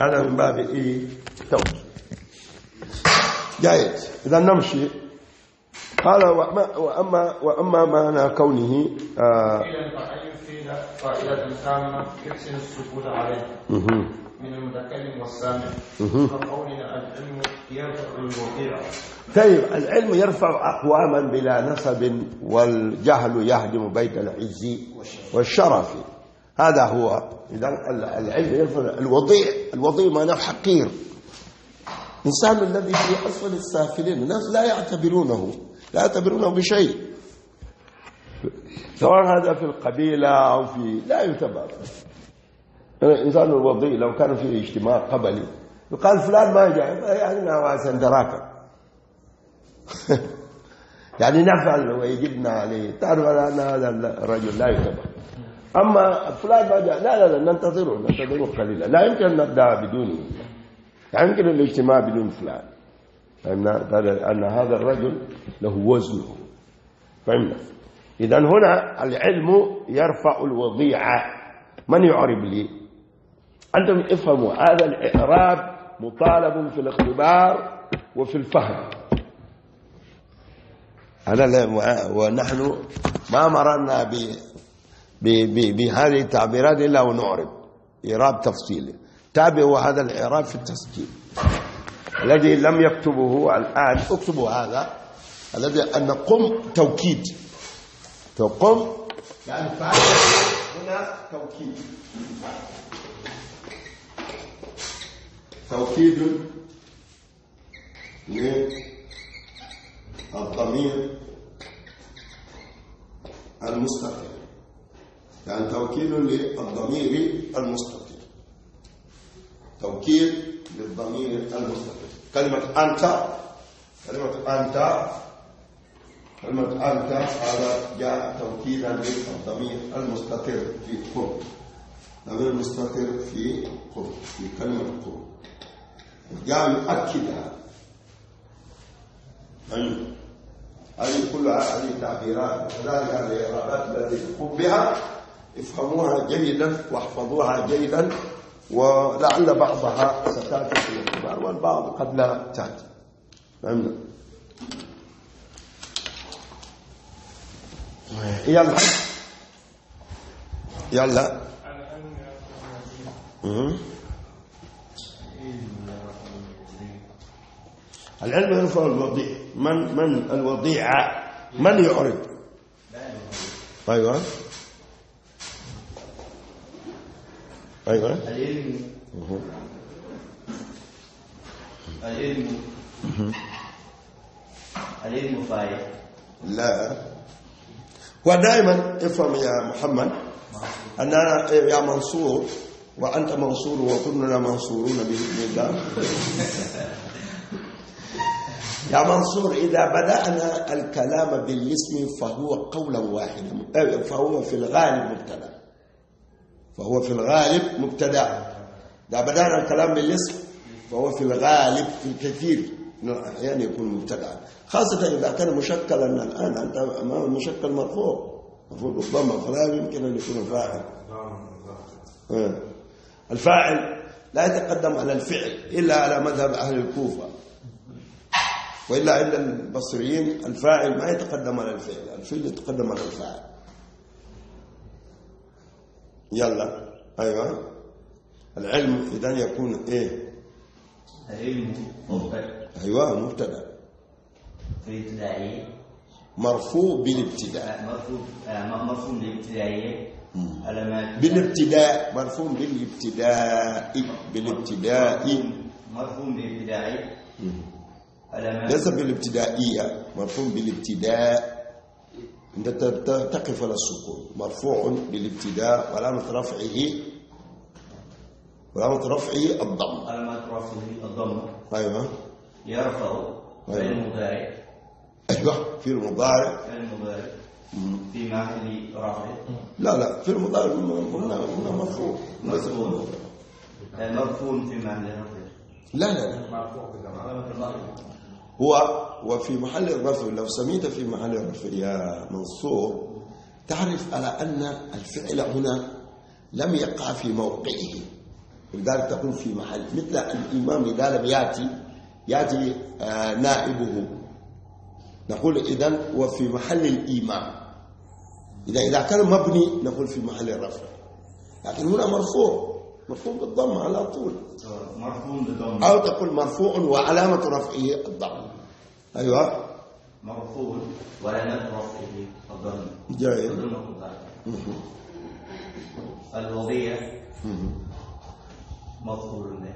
هذا من باب إيه توجيه جيد إذا نمشي قال وأما, وأما وأما معنى كونه قائلة يحسن السكوت عليه من المتكلم والسامع وقولنا العلم يرفع طيب العلم يرفع أقواما بلا نسب والجهل يهدم بيت العز والشرف هذا هو إذا العلم يرفع الوضيع الوضيع معناه حقير الإنسان الذي في أسفل السافلين الناس لا يعتبرونه لا يعتبرونه بشيء سواء هذا في القبيلة أو في لا يعتبر الإنسان الوضيء لو كان في اجتماع قبلي يقال فلان ما جاء يعني نواسا دراكة يعني نفعل ويجبنا عليه تعرف أنا هذا الرجل لا يعتبر أما فلان ما جاء لا لا لا ننتظره ننتظره قليلا لا يمكن أن نبدأ بدونه لا يمكن الاجتماع بدون فلان أن هذا الرجل له وزنه فهمنا إذا هنا العلم يرفع الوضيعة من يعرب لي أنتم افهموا هذا الإعراب مطالب في الاختبار وفي الفهم أنا لا ونحن ما مررنا بهذه التعبيرات إلا ونعرب إعراب تفصيلي تابعوا هذا الإعراب في التسجيل الذي لم يكتبه الآن اكتبوا هذا الذي أن قم توكيد تقم يعني فعل هنا توكيد توكيد للضمير المستقل يعني توكيد للضمير المستقل توكيد للضمير المستقل كلمة أنت كلمة أنت كلمة أنت هذا جاء توكيدا للضمير المستقر في قرب الضمير المستقر في قرب في كلمة قرب جاء يؤكد هذا طيب. هذه كلها هذه تعبيرات وكذلك هذه الإرادات التي تقوم بها افهموها جيدا واحفظوها جيدا ولعل بعضها ستاتي في الاعتبار والبعض قد لا تاتي فهمنا يلا يلا العلم يرفع الوضيع من من الوضيع من يعرض ايوه أيوة العلم العلم العلم فايد لا ودائما افهم يا محمد أنا يا منصور وأنت منصور وكلنا منصورون بإذن الله يا منصور إذا بدأنا الكلام بالاسم فهو قولا واحدا فهو في الغالب مبتدأ فهو في الغالب مبتدا ده بدأنا الكلام بالاسم فهو في الغالب في الكثير من الأحيان يكون مبتدا خاصة إذا كان مشكلا الآن أنت أمام المشكل مرفوع مرفوع بالضم فلا يمكن أن يكون فاعل نعم. آه. الفاعل لا يتقدم على الفعل إلا على مذهب أهل الكوفة وإلا عند البصريين الفاعل ما يتقدم على الفعل الفعل يتقدم على الفاعل يلا ايوه العلم اذا يكون ايه العلم مبتدا ايوه مبتدا في الابتدائيه مرفوع بالابتداء آه، مرفوع آه، مرفوع بالابتدائيه علامات بالابتداء مرفوع بالابتداء بالابتداء مرفوع بالابتداء علامات ليس بالابتدائيه مرفوع بالابتداء أنت تقف على السكون مرفوع بالابتداء وعلامة رفعه وعلامة رفعه الضم علامة رفعه الضم طيب، طيب. أيوه يرفع في المضارع أيوه في المضارع في المضارع في محل رفع لا لا في المضارع هنا هنا مرفوع مرفوع آه، مرفوع في محل رفع لا لا لا مرفوع هو وفي محل الرفع لو سميت في محل الرفع يا منصور تعرف على أن الفعل هنا لم يقع في موقعه لذلك تقول في محل مثل الإمام إذا لم يأتي يأتي آه، نائبه نقول إذا وفي محل الإمام إذا إذا كان مبني نقول في محل الرفع لكن هنا مرفوع مرفوع بالضم على طول آه، مرفوع بالضم أو تقول مرفوع وعلامة رفعه الضم أيوة مرفوض وعلامات رفعه الضمة جيد الوضيع مفعول به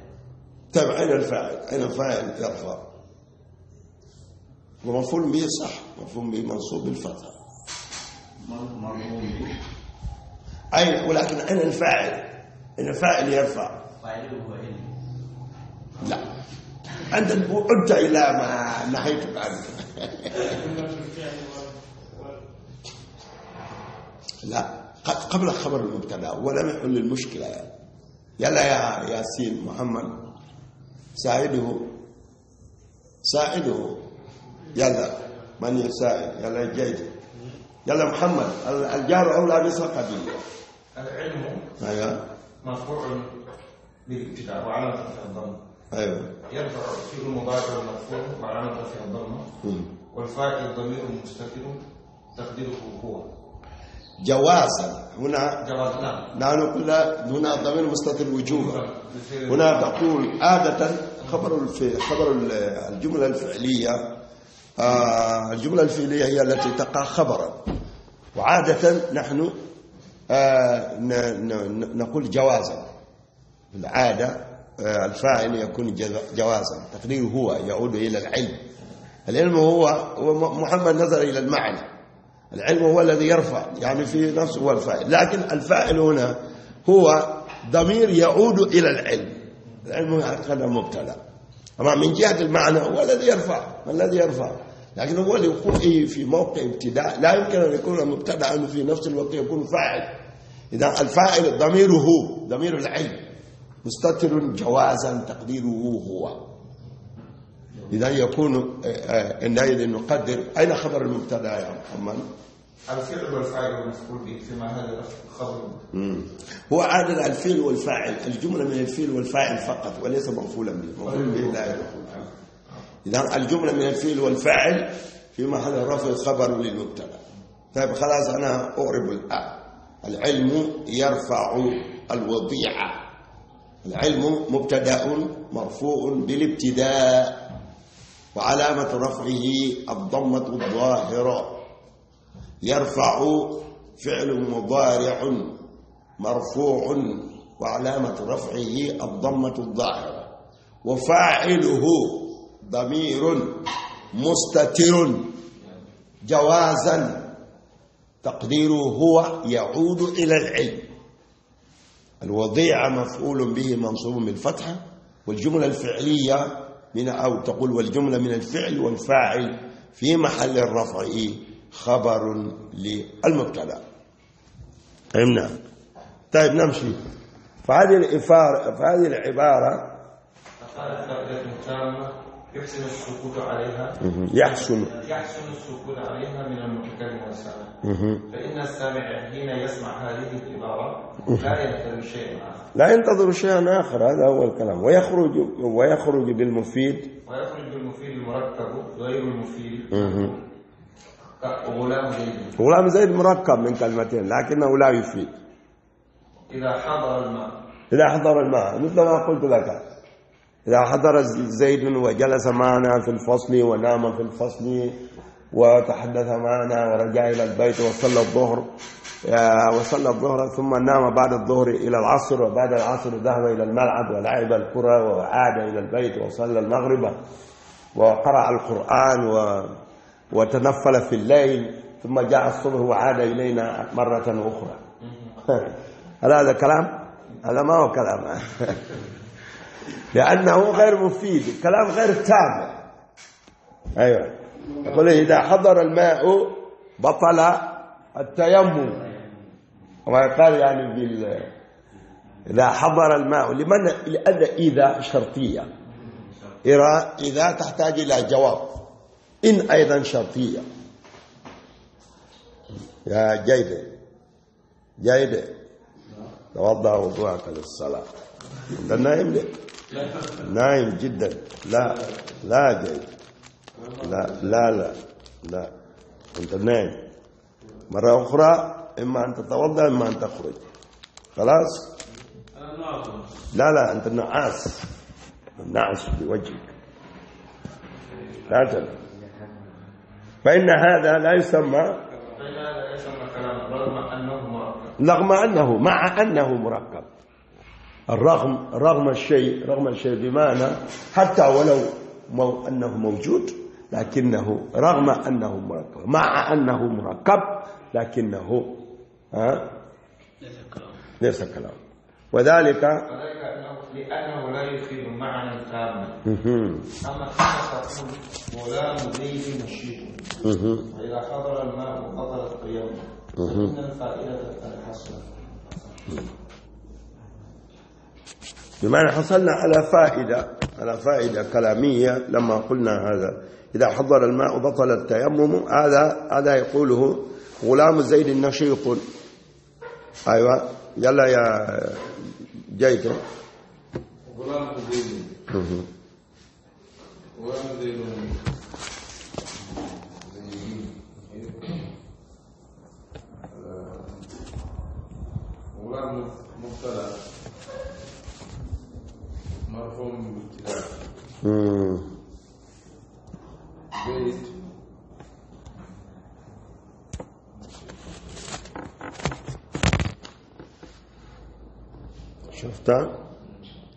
طيب أين الفاعل؟ أين الفاعل يرفع؟ ومفعول به صح مفعول به منصوب بالفتحة مرفوض به أين ولكن أين الفاعل؟ الفاعل يرفع فاعله هو ان لا أنت عدت إلى ما نهيتك عنه لا قبل خبر المبتدا ولم يحل المشكلة يعني. يلا يا ياسين محمد ساعده ساعده يلا من يساعد يلا جيد يلا محمد الجار أولى مثل العلم أيوة مرفوع بالابتداء وعلامة الضم ايوه يرجع فيه المضارع والمفعول مع عمل رفع الضمه والفاعل ضمير مستتر تقديره هو جوازا هنا جواز نعم نحن قلنا هنا ضمير مستتر وجوبا هنا تقول عادة خبر الف... خبر الجملة الفعلية آه، الجملة الفعلية هي التي تقع خبرا وعادة نحن آه، نقول جوازا العادة الفاعل يكون جوازا تقديره هو يعود إلى العلم العلم هو, هو محمد نظر إلى المعنى العلم هو الذي يرفع يعني في نفسه هو الفاعل لكن الفاعل هنا هو ضمير يعود إلى العلم العلم هذا مبتلى أما من جهة المعنى هو الذي يرفع الذي يرفع لكن هو لوقوعه إيه في موقع ابتداء لا يمكن أن يكون مبتدأ في نفس الوقت يكون فاعل إذا الفاعل ضميره هو ضمير العلم مستتر جوازا تقديره هو إذا يكون آه، آه، عندئذ نقدر أين خبر المبتدا يا محمد؟ الفعل والفاعل والمفعول به فيما هذا الخبر هو عاد الفعل والفاعل الجملة من الفعل والفاعل فقط وليس مفعولا به مفعول به أيوه. لا إذا الجملة من الفعل والفاعل في محل رفع خبر للمبتدا طيب خلاص أنا أغرب الآن العلم يرفع الوضيعة العلم مبتدا مرفوع بالابتداء وعلامه رفعه الضمه الظاهره يرفع فعل مضارع مرفوع وعلامه رفعه الضمه الظاهره وفاعله ضمير مستتر جوازا تقديره هو يعود الى العلم الوضيعة مفعول به منصوب بالفتحة والجملة الفعلية من أو تقول والجملة من الفعل والفاعل في محل الرفع خبر للمبتدا فهمنا طيب،, نعم. طيب نمشي فهذه الإفارة فهذه العبارة يحسن السكوت عليها يحسن يحسن السكوت عليها من المتكلم والسامع فإن السامع حين يسمع هذه العبارة لا ينتظر شيئا آخر لا ينتظر شيئا آخر هذا هو الكلام ويخرج ويخرج بالمفيد ويخرج بالمفيد المركب غير المفيد غلام زيد غلام زيد مركب من كلمتين لكنه لا يفيد إذا حضر الماء إذا حضر الماء مثل ما قلت لك إذا حضر زيد وجلس معنا في الفصل ونام في الفصل وتحدث معنا ورجع إلى البيت وصلى الظهر آه، وصلى الظهر ثم نام بعد الظهر إلى العصر وبعد العصر ذهب إلى الملعب ولعب الكرة وعاد إلى البيت وصلى المغرب وقرأ القرآن و... وتنفل في الليل ثم جاء الصبح وعاد إلينا مرة أخرى هل هذا كلام؟ هذا ما هو كلام لأنه غير مفيد كلام غير تام أيوة يقول إذا حضر الماء بطل التيمم ويقال يعني بال إذا حضر الماء لمن لأن إذا شرطية إذا تحتاج إلى جواب إن أيضا شرطية يا جيبة جيبة توضع وضوءك للصلاة أنت نايم ليه؟ نايم جدا لا لا جيب لا لا لا لا أنت نايم مرة أخرى إما أن تتوضأ إما أن تخرج خلاص لا لا أنت النعاس في بوجهك لا تل فإن هذا لا يسمى رغم أنه مع أنه مركب الرغم رغم الشيء رغم الشيء بمعنى حتى ولو مو أنه موجود لكنه رغم أنه مركب مع أنه مركب لكنه ها؟ ليس كلام وذلك لأنه لا يفيد معنى تاما أما كما تقول غلام زيد مشيب فإذا حضر الماء بطلت التيمم فإن الفائدة تنحصر بمعنى حصلنا على فائدة على فائدة كلامية لما قلنا هذا إذا حضر الماء بطل التيمم هذا هذا يقوله غلام زيد نشيط أيوة يلا يا جيد غلام دين غلام دين غلام مبتلى مرحوم بالابتلاء بيت شفتها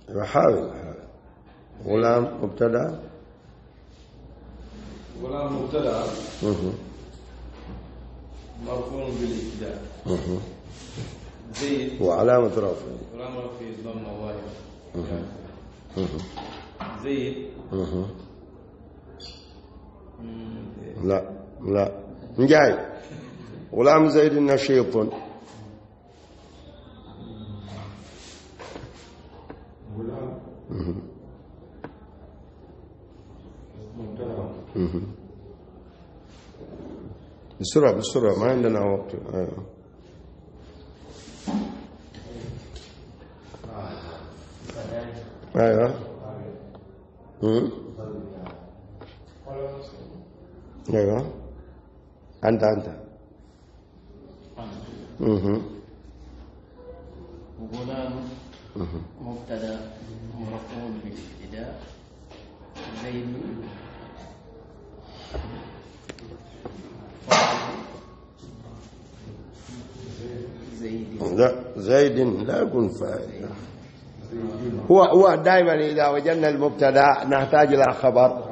محاول غلام مبتدا غلام مبتدا مرفوع بالابتداء زيد وعلامة رفعه وعلامة رفعه ضمة واحدة يعني. زيد لا لا جاي غلام زيد النشيط بسرعة بسرعة ما عندنا وقت آه. ايوه ايوه انت انت اها غلام مبتدا مرفوع بالابتداء زيد لا زيد لا يكون فاعل هو هو دائما اذا وجدنا المبتدا نحتاج الى خبر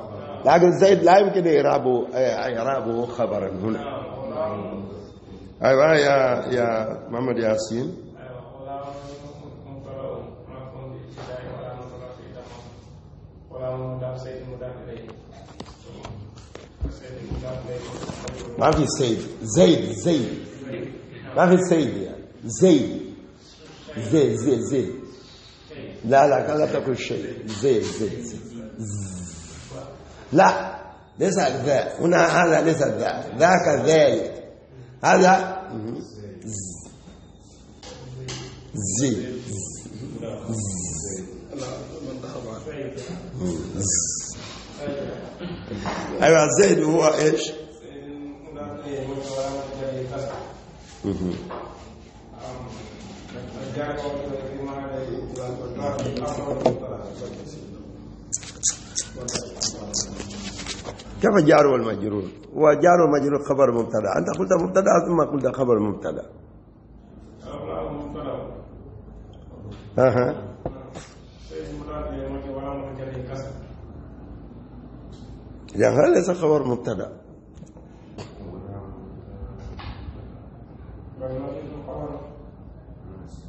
لكن زيد لا يمكن اعرابه اعرابه خبرا هنا ايوه يا يا محمد ياسين ما في سيد زيد زيد ما في سيد يعني زي زي زي زي لا لا لا تاكل شيء زي زي زي لا ليس ذا هنا هذا ليس ذا ذاك ذلك هذا زي ايوه زيد هو ايش؟ وإياك وبما كيف الجار والمجرور؟ والجار والمجرور خبر مبتدا، أنت قلت مبتدا ثم قلت خبر مبتدا. ها هذا ليس خبر مبتدا.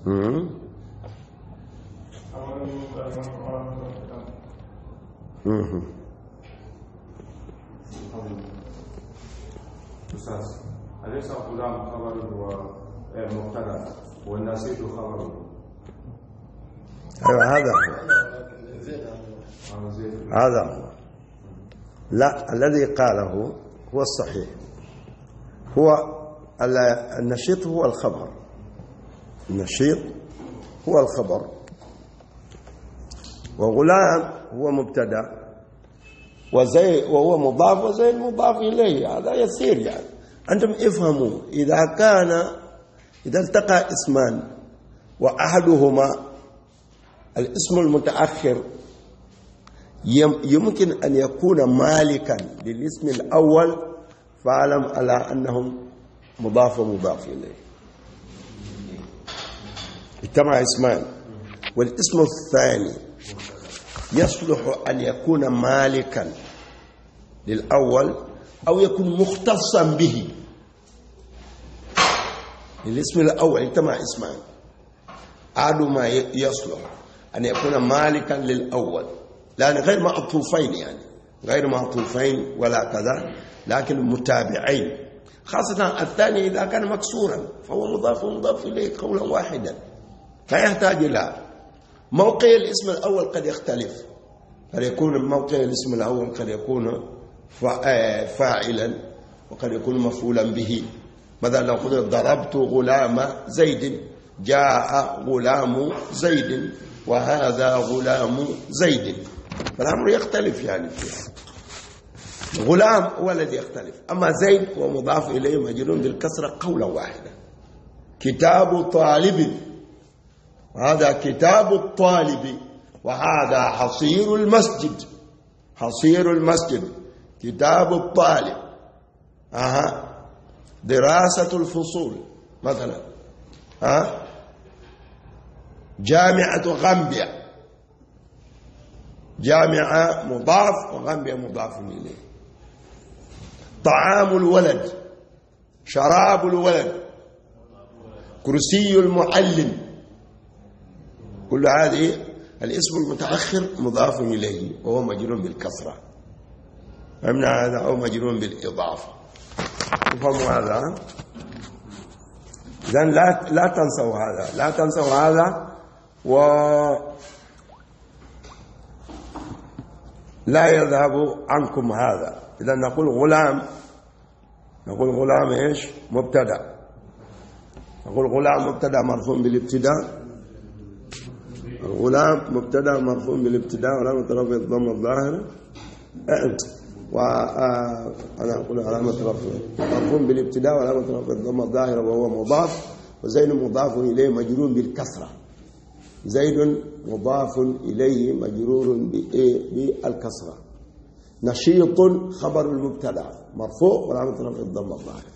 أستاذ أليس الغلام هو مبتدأ والنسيج خبره؟ أيوه هذا هو هذا هو لا الذي قاله هو الصحيح هو النشيط هو الخبر النشيط هو الخبر وغلام هو مبتدا وزي وهو مضاف وزي المضاف اليه هذا يسير يعني انتم افهموا اذا كان اذا التقى اسمان واحدهما الاسم المتاخر يمكن ان يكون مالكا للاسم الاول فاعلم على انهم مضاف ومضاف اليه اجتمع اسمان والاسم الثاني يصلح أن يكون مالكا للأول أو يكون مختصا به الاسم الأول اجتمع اسمان عاد ما يصلح أن يكون مالكا للأول لأن غير معطوفين يعني غير معطوفين ولا كذا لكن متابعين خاصة الثاني إذا كان مكسورا فهو مضاف مضاف إليه قولا واحدا فيحتاج إلى موقع الاسم الأول قد يختلف قد يكون موقع الاسم الأول قد يكون آه، فاعلا وقد يكون مفعولا به مثلا لو قلت ضربت غلام زيد جاء غلام زيد وهذا غلام زيد فالأمر يختلف يعني فيه غلام هو الذي يختلف أما زيد هو مضاف إليه مجرون بالكسرة قولا واحدا كتاب طالب وهذا كتاب الطالب وهذا حصير المسجد حصير المسجد كتاب الطالب أها دراسة الفصول مثلا ها جامعة غامبيا جامعة مضاف وغامبيا مضاف إليه طعام الولد شراب الولد كرسي المعلم كل عاد إيه الاسم المتأخر مضاف إليه وهو مجرور بالكسرة فهمنا هذا أو مجرور بالإضافة تفهموا هذا إذا لا لا تنسوا هذا لا تنسوا هذا و لا يذهب عنكم هذا إذا نقول غلام نقول غلام إيش مبتدأ نقول غلام مبتدأ مرفوع بالابتداء غلام مبتدا مرفوع بالابتداء وعلامة رفعه الضمة الظاهرة و آه، أنا أقول علامة رفع مرفوع بالابتداء وعلامة رفعه الضمة الظاهرة وهو مضاف وزيد مضاف إليه مجرور بالكسرة زيد مضاف إليه مجرور بالكسرة نشيط خبر المبتدا مرفوع وعلامة رفعه الضمة الظاهرة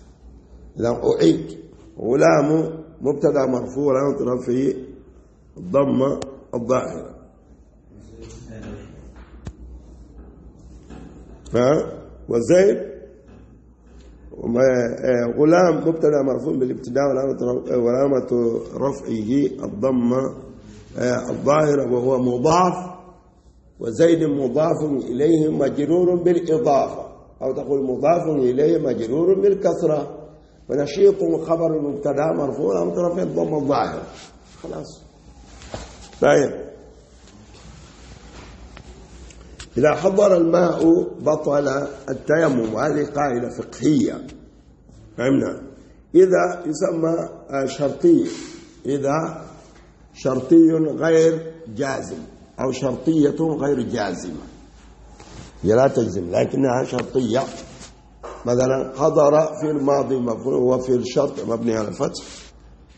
إذا أعيد غلام مبتدا مرفوع وعلامة رفعه الضمة الظاهرة والزيب آه، غلام مبتدا مرفوع بالابتداء وعلامة آه، رفعه الضمة آه، الظاهرة وهو مضاف وزيد مضاف إليه مجرور بالإضافة أو تقول مضاف إليه مجرور بالكسرة ونشيط خبر المبتدا مرفوع علامة رفع الضمة الظاهرة خلاص طيب إذا حضر الماء بطل التيمم وهذه قاعدة فقهية فهمنا إذا يسمى شرطي إذا شرطي غير جازم أو شرطية غير جازمة هي لا تجزم لكنها شرطية مثلا حضر في الماضي وفي الشرط مبني على الفتح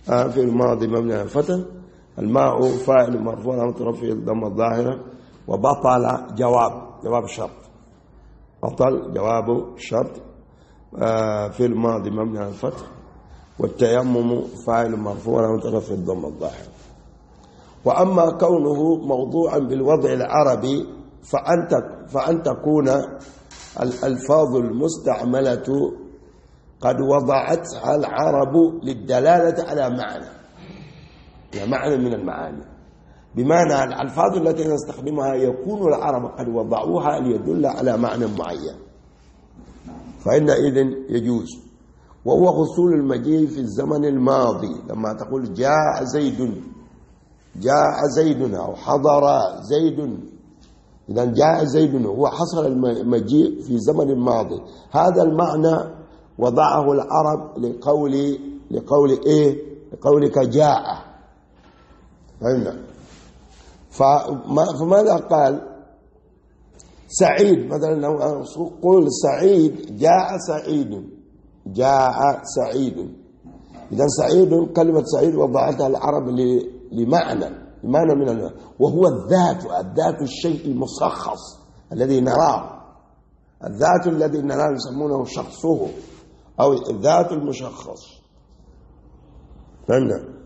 آه، في الماضي مبني على الفتح الماء فاعل مرفوع علامة رفعه الضمة الظاهرة وبطل جواب جواب الشرط بطل جواب الشرط آه، في الماضي مبني على الفتح والتيمم فاعل مرفوع علامة رفعه الضمة الظاهرة وأما كونه موضوعا بالوضع العربي فأن فأن تكون الألفاظ المستعملة قد وضعتها العرب للدلالة على معنى هي معنى من المعاني بمعنى الألفاظ التي نستخدمها يكون العرب قد وضعوها ليدل على معنى معين فإن إذن يجوز وهو حصول المجيء في الزمن الماضي لما تقول جاء زيد جاء زيد أو حضر زيد إذا جاء زيد هو حصل المجيء في زمن الماضي هذا المعنى وضعه العرب لقول لقول إيه لقولك جاء فهمنا فماذا قال سعيد مثلا لو قول سعيد جاء سعيد جاء سعيد إذا سعيد كلمة سعيد وضعتها العرب لمعنى لمعنى من المعنى وهو الذات الذات الشيء المشخص الذي نراه الذات الذي نراه يسمونه شخصه أو الذات المشخص فهمنا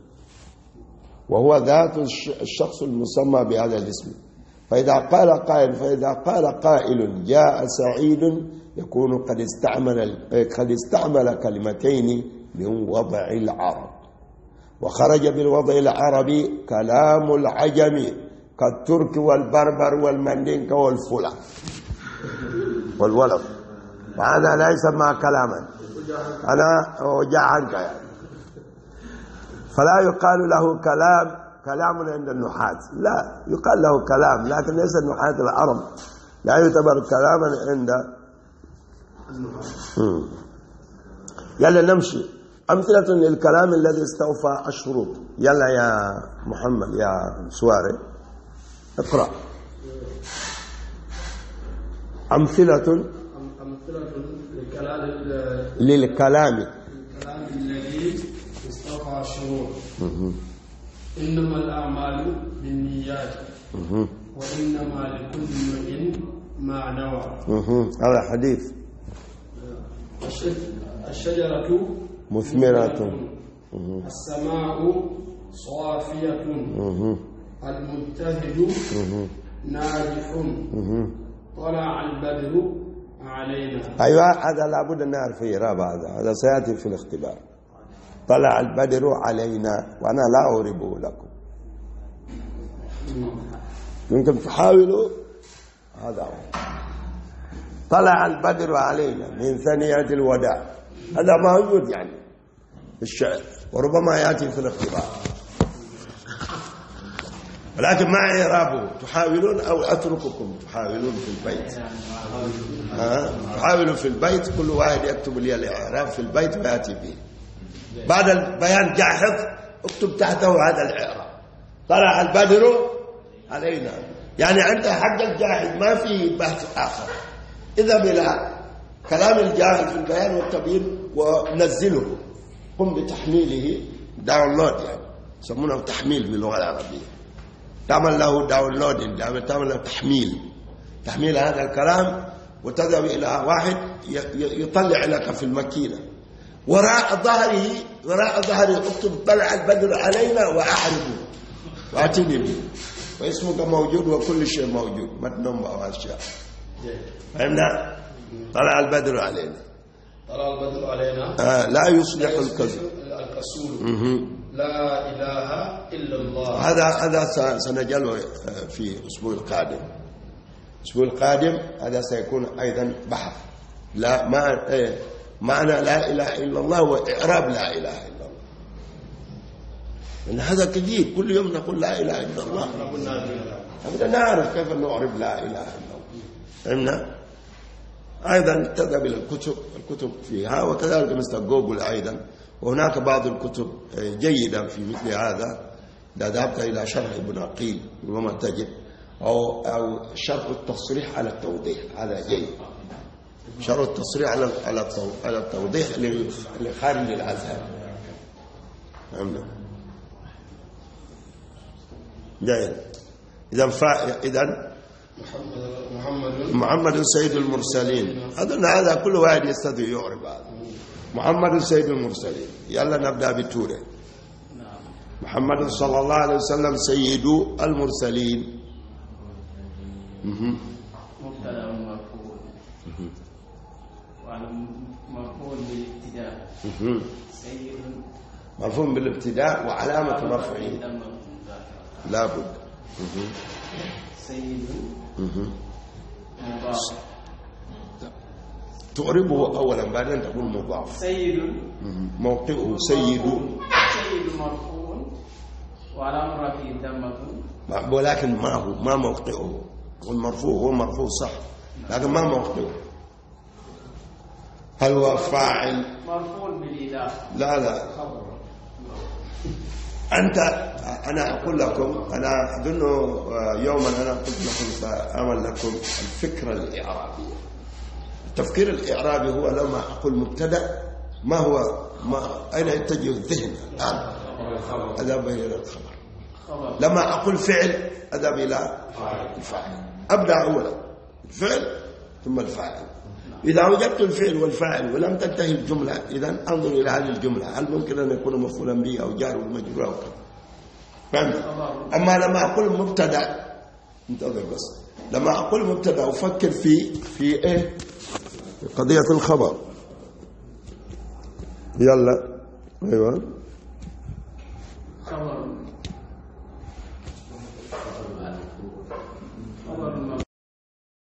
وهو ذات الشخص المسمى بهذا الاسم فإذا قال قائل فإذا قال قائل جاء سعيد يكون قد استعمل قد استعمل كلمتين من وضع العرب وخرج بالوضع العربي كلام العجم كالترك والبربر والمندينك والفلا والولف هذا لا يسمى كلاما أنا وجع عنك يعني فلا يقال له كلام كلام عند النحاة لا يقال له كلام لكن ليس النحاة العرب لا يعتبر كلاما عند يلا نمشي أمثلة للكلام الذي استوفى الشروط يلا يا محمد يا سواري اقرأ أمثلة أمثلة للكلام الشرور إنما الأعمال بالنيات وإنما لكل امرئ ما نوى هذا حديث آه، الشجرة مثمرة السماء صافية المجتهد ناجح طلع البدر علينا أيوة هذا لابد أن نعرفه رابع هذا هذا سيأتي في الاختبار طلع البدر علينا وأنا لا أهرب لكم يمكن تحاولوا هذا هو طلع البدر علينا من ثنيات الوداع هذا موجود يعني في الشعر وربما يأتي في الاختبار ولكن ما إعرابه تحاولون أو أترككم تحاولون في البيت ها؟ تحاولوا في البيت كل واحد يكتب لي الإعراب في البيت ويأتي به بعد البيان جاء حفظ اكتب تحته هذا الاعراب طلع البدر علينا يعني انت حق الجاحظ ما في بحث اخر اذهب الى كلام الجاحظ في البيان والتبيين ونزله قم بتحميله داونلود يعني يسمونه تحميل باللغه العربيه تعمل له داونلود يعني تعمل له تحميل تحميل هذا الكلام وتذهب الى واحد يطلع لك في الماكينه وراء ظهره وراء ظهره اكتب طلع البدر علينا واحرقه واعتني به واسمك موجود وكل شيء موجود ما تنوم ما شاء فهمنا طلع البدر علينا طلع البدر علينا آه لا يصلح الكذب الكسول لا اله الا الله هذا هذا سنجله آه، في الاسبوع القادم الاسبوع القادم هذا سيكون ايضا بحث لا ما إيه معنى لا إله إلا الله وإعراب لا إله إلا الله إن هذا كثير كل يوم نقول لا إله إلا الله أبدا نعرف كيف نعرب لا إله إلا الله فهمنا أيضا تذهب إلى الكتب الكتب فيها وكذلك مستر جوجل أيضا وهناك بعض الكتب آه، جيدة في مثل هذا إذا ذهبت إلى شرح ابن عقيل ربما تجد أو أو شرح التصريح على التوضيح هذا جيد شرط التصريح على على على التوضيح لخارج العذاب نعم، فهمنا نعم. جيد اذا فا اذا محمد محمد سيد المرسلين اظن هذا كل واحد يستطيع يعرف هذا محمد سيد المرسلين يلا نبدا بالتوره محمد صلى الله عليه وسلم سيد المرسلين مرفوع بالابتداء سيد مرفوع بالابتداء وعلامة لابد سيد مضاف تعربه اولا بعدين تقول مضاف سيد موقعه سيد سيد مرفوع وعلامة مرفعه دمة ولكن ما هو ما موقعه والمرفوع هو مرفوع صح لكن ما موقعه هل هو فاعل مرفوع بالإله لا لا أنت أنا أقول لكم أنا أظن آه، يوما أنا قلت لكم سأعمل لكم الفكرة الإعرابية التفكير الإعرابي هو لما أقول مبتدأ ما هو ما أين يتجه الذهن الآن أذهب إلى الخبر لما أقول فعل أذهب إلى الفاعل أبدأ أولا الفعل ثم الفاعل إذا وجدت الفعل والفاعل ولم تنتهي الجملة إذا أنظر إلى هذه الجملة هل ممكن أن يكون مفعولا به أو جار ومجرور أو كذا فهمت؟ أما لما أقول مبتدأ انتظر بس لما أقول مبتدأ أفكر في في إيه؟ في قضية الخبر يلا أيوه خبر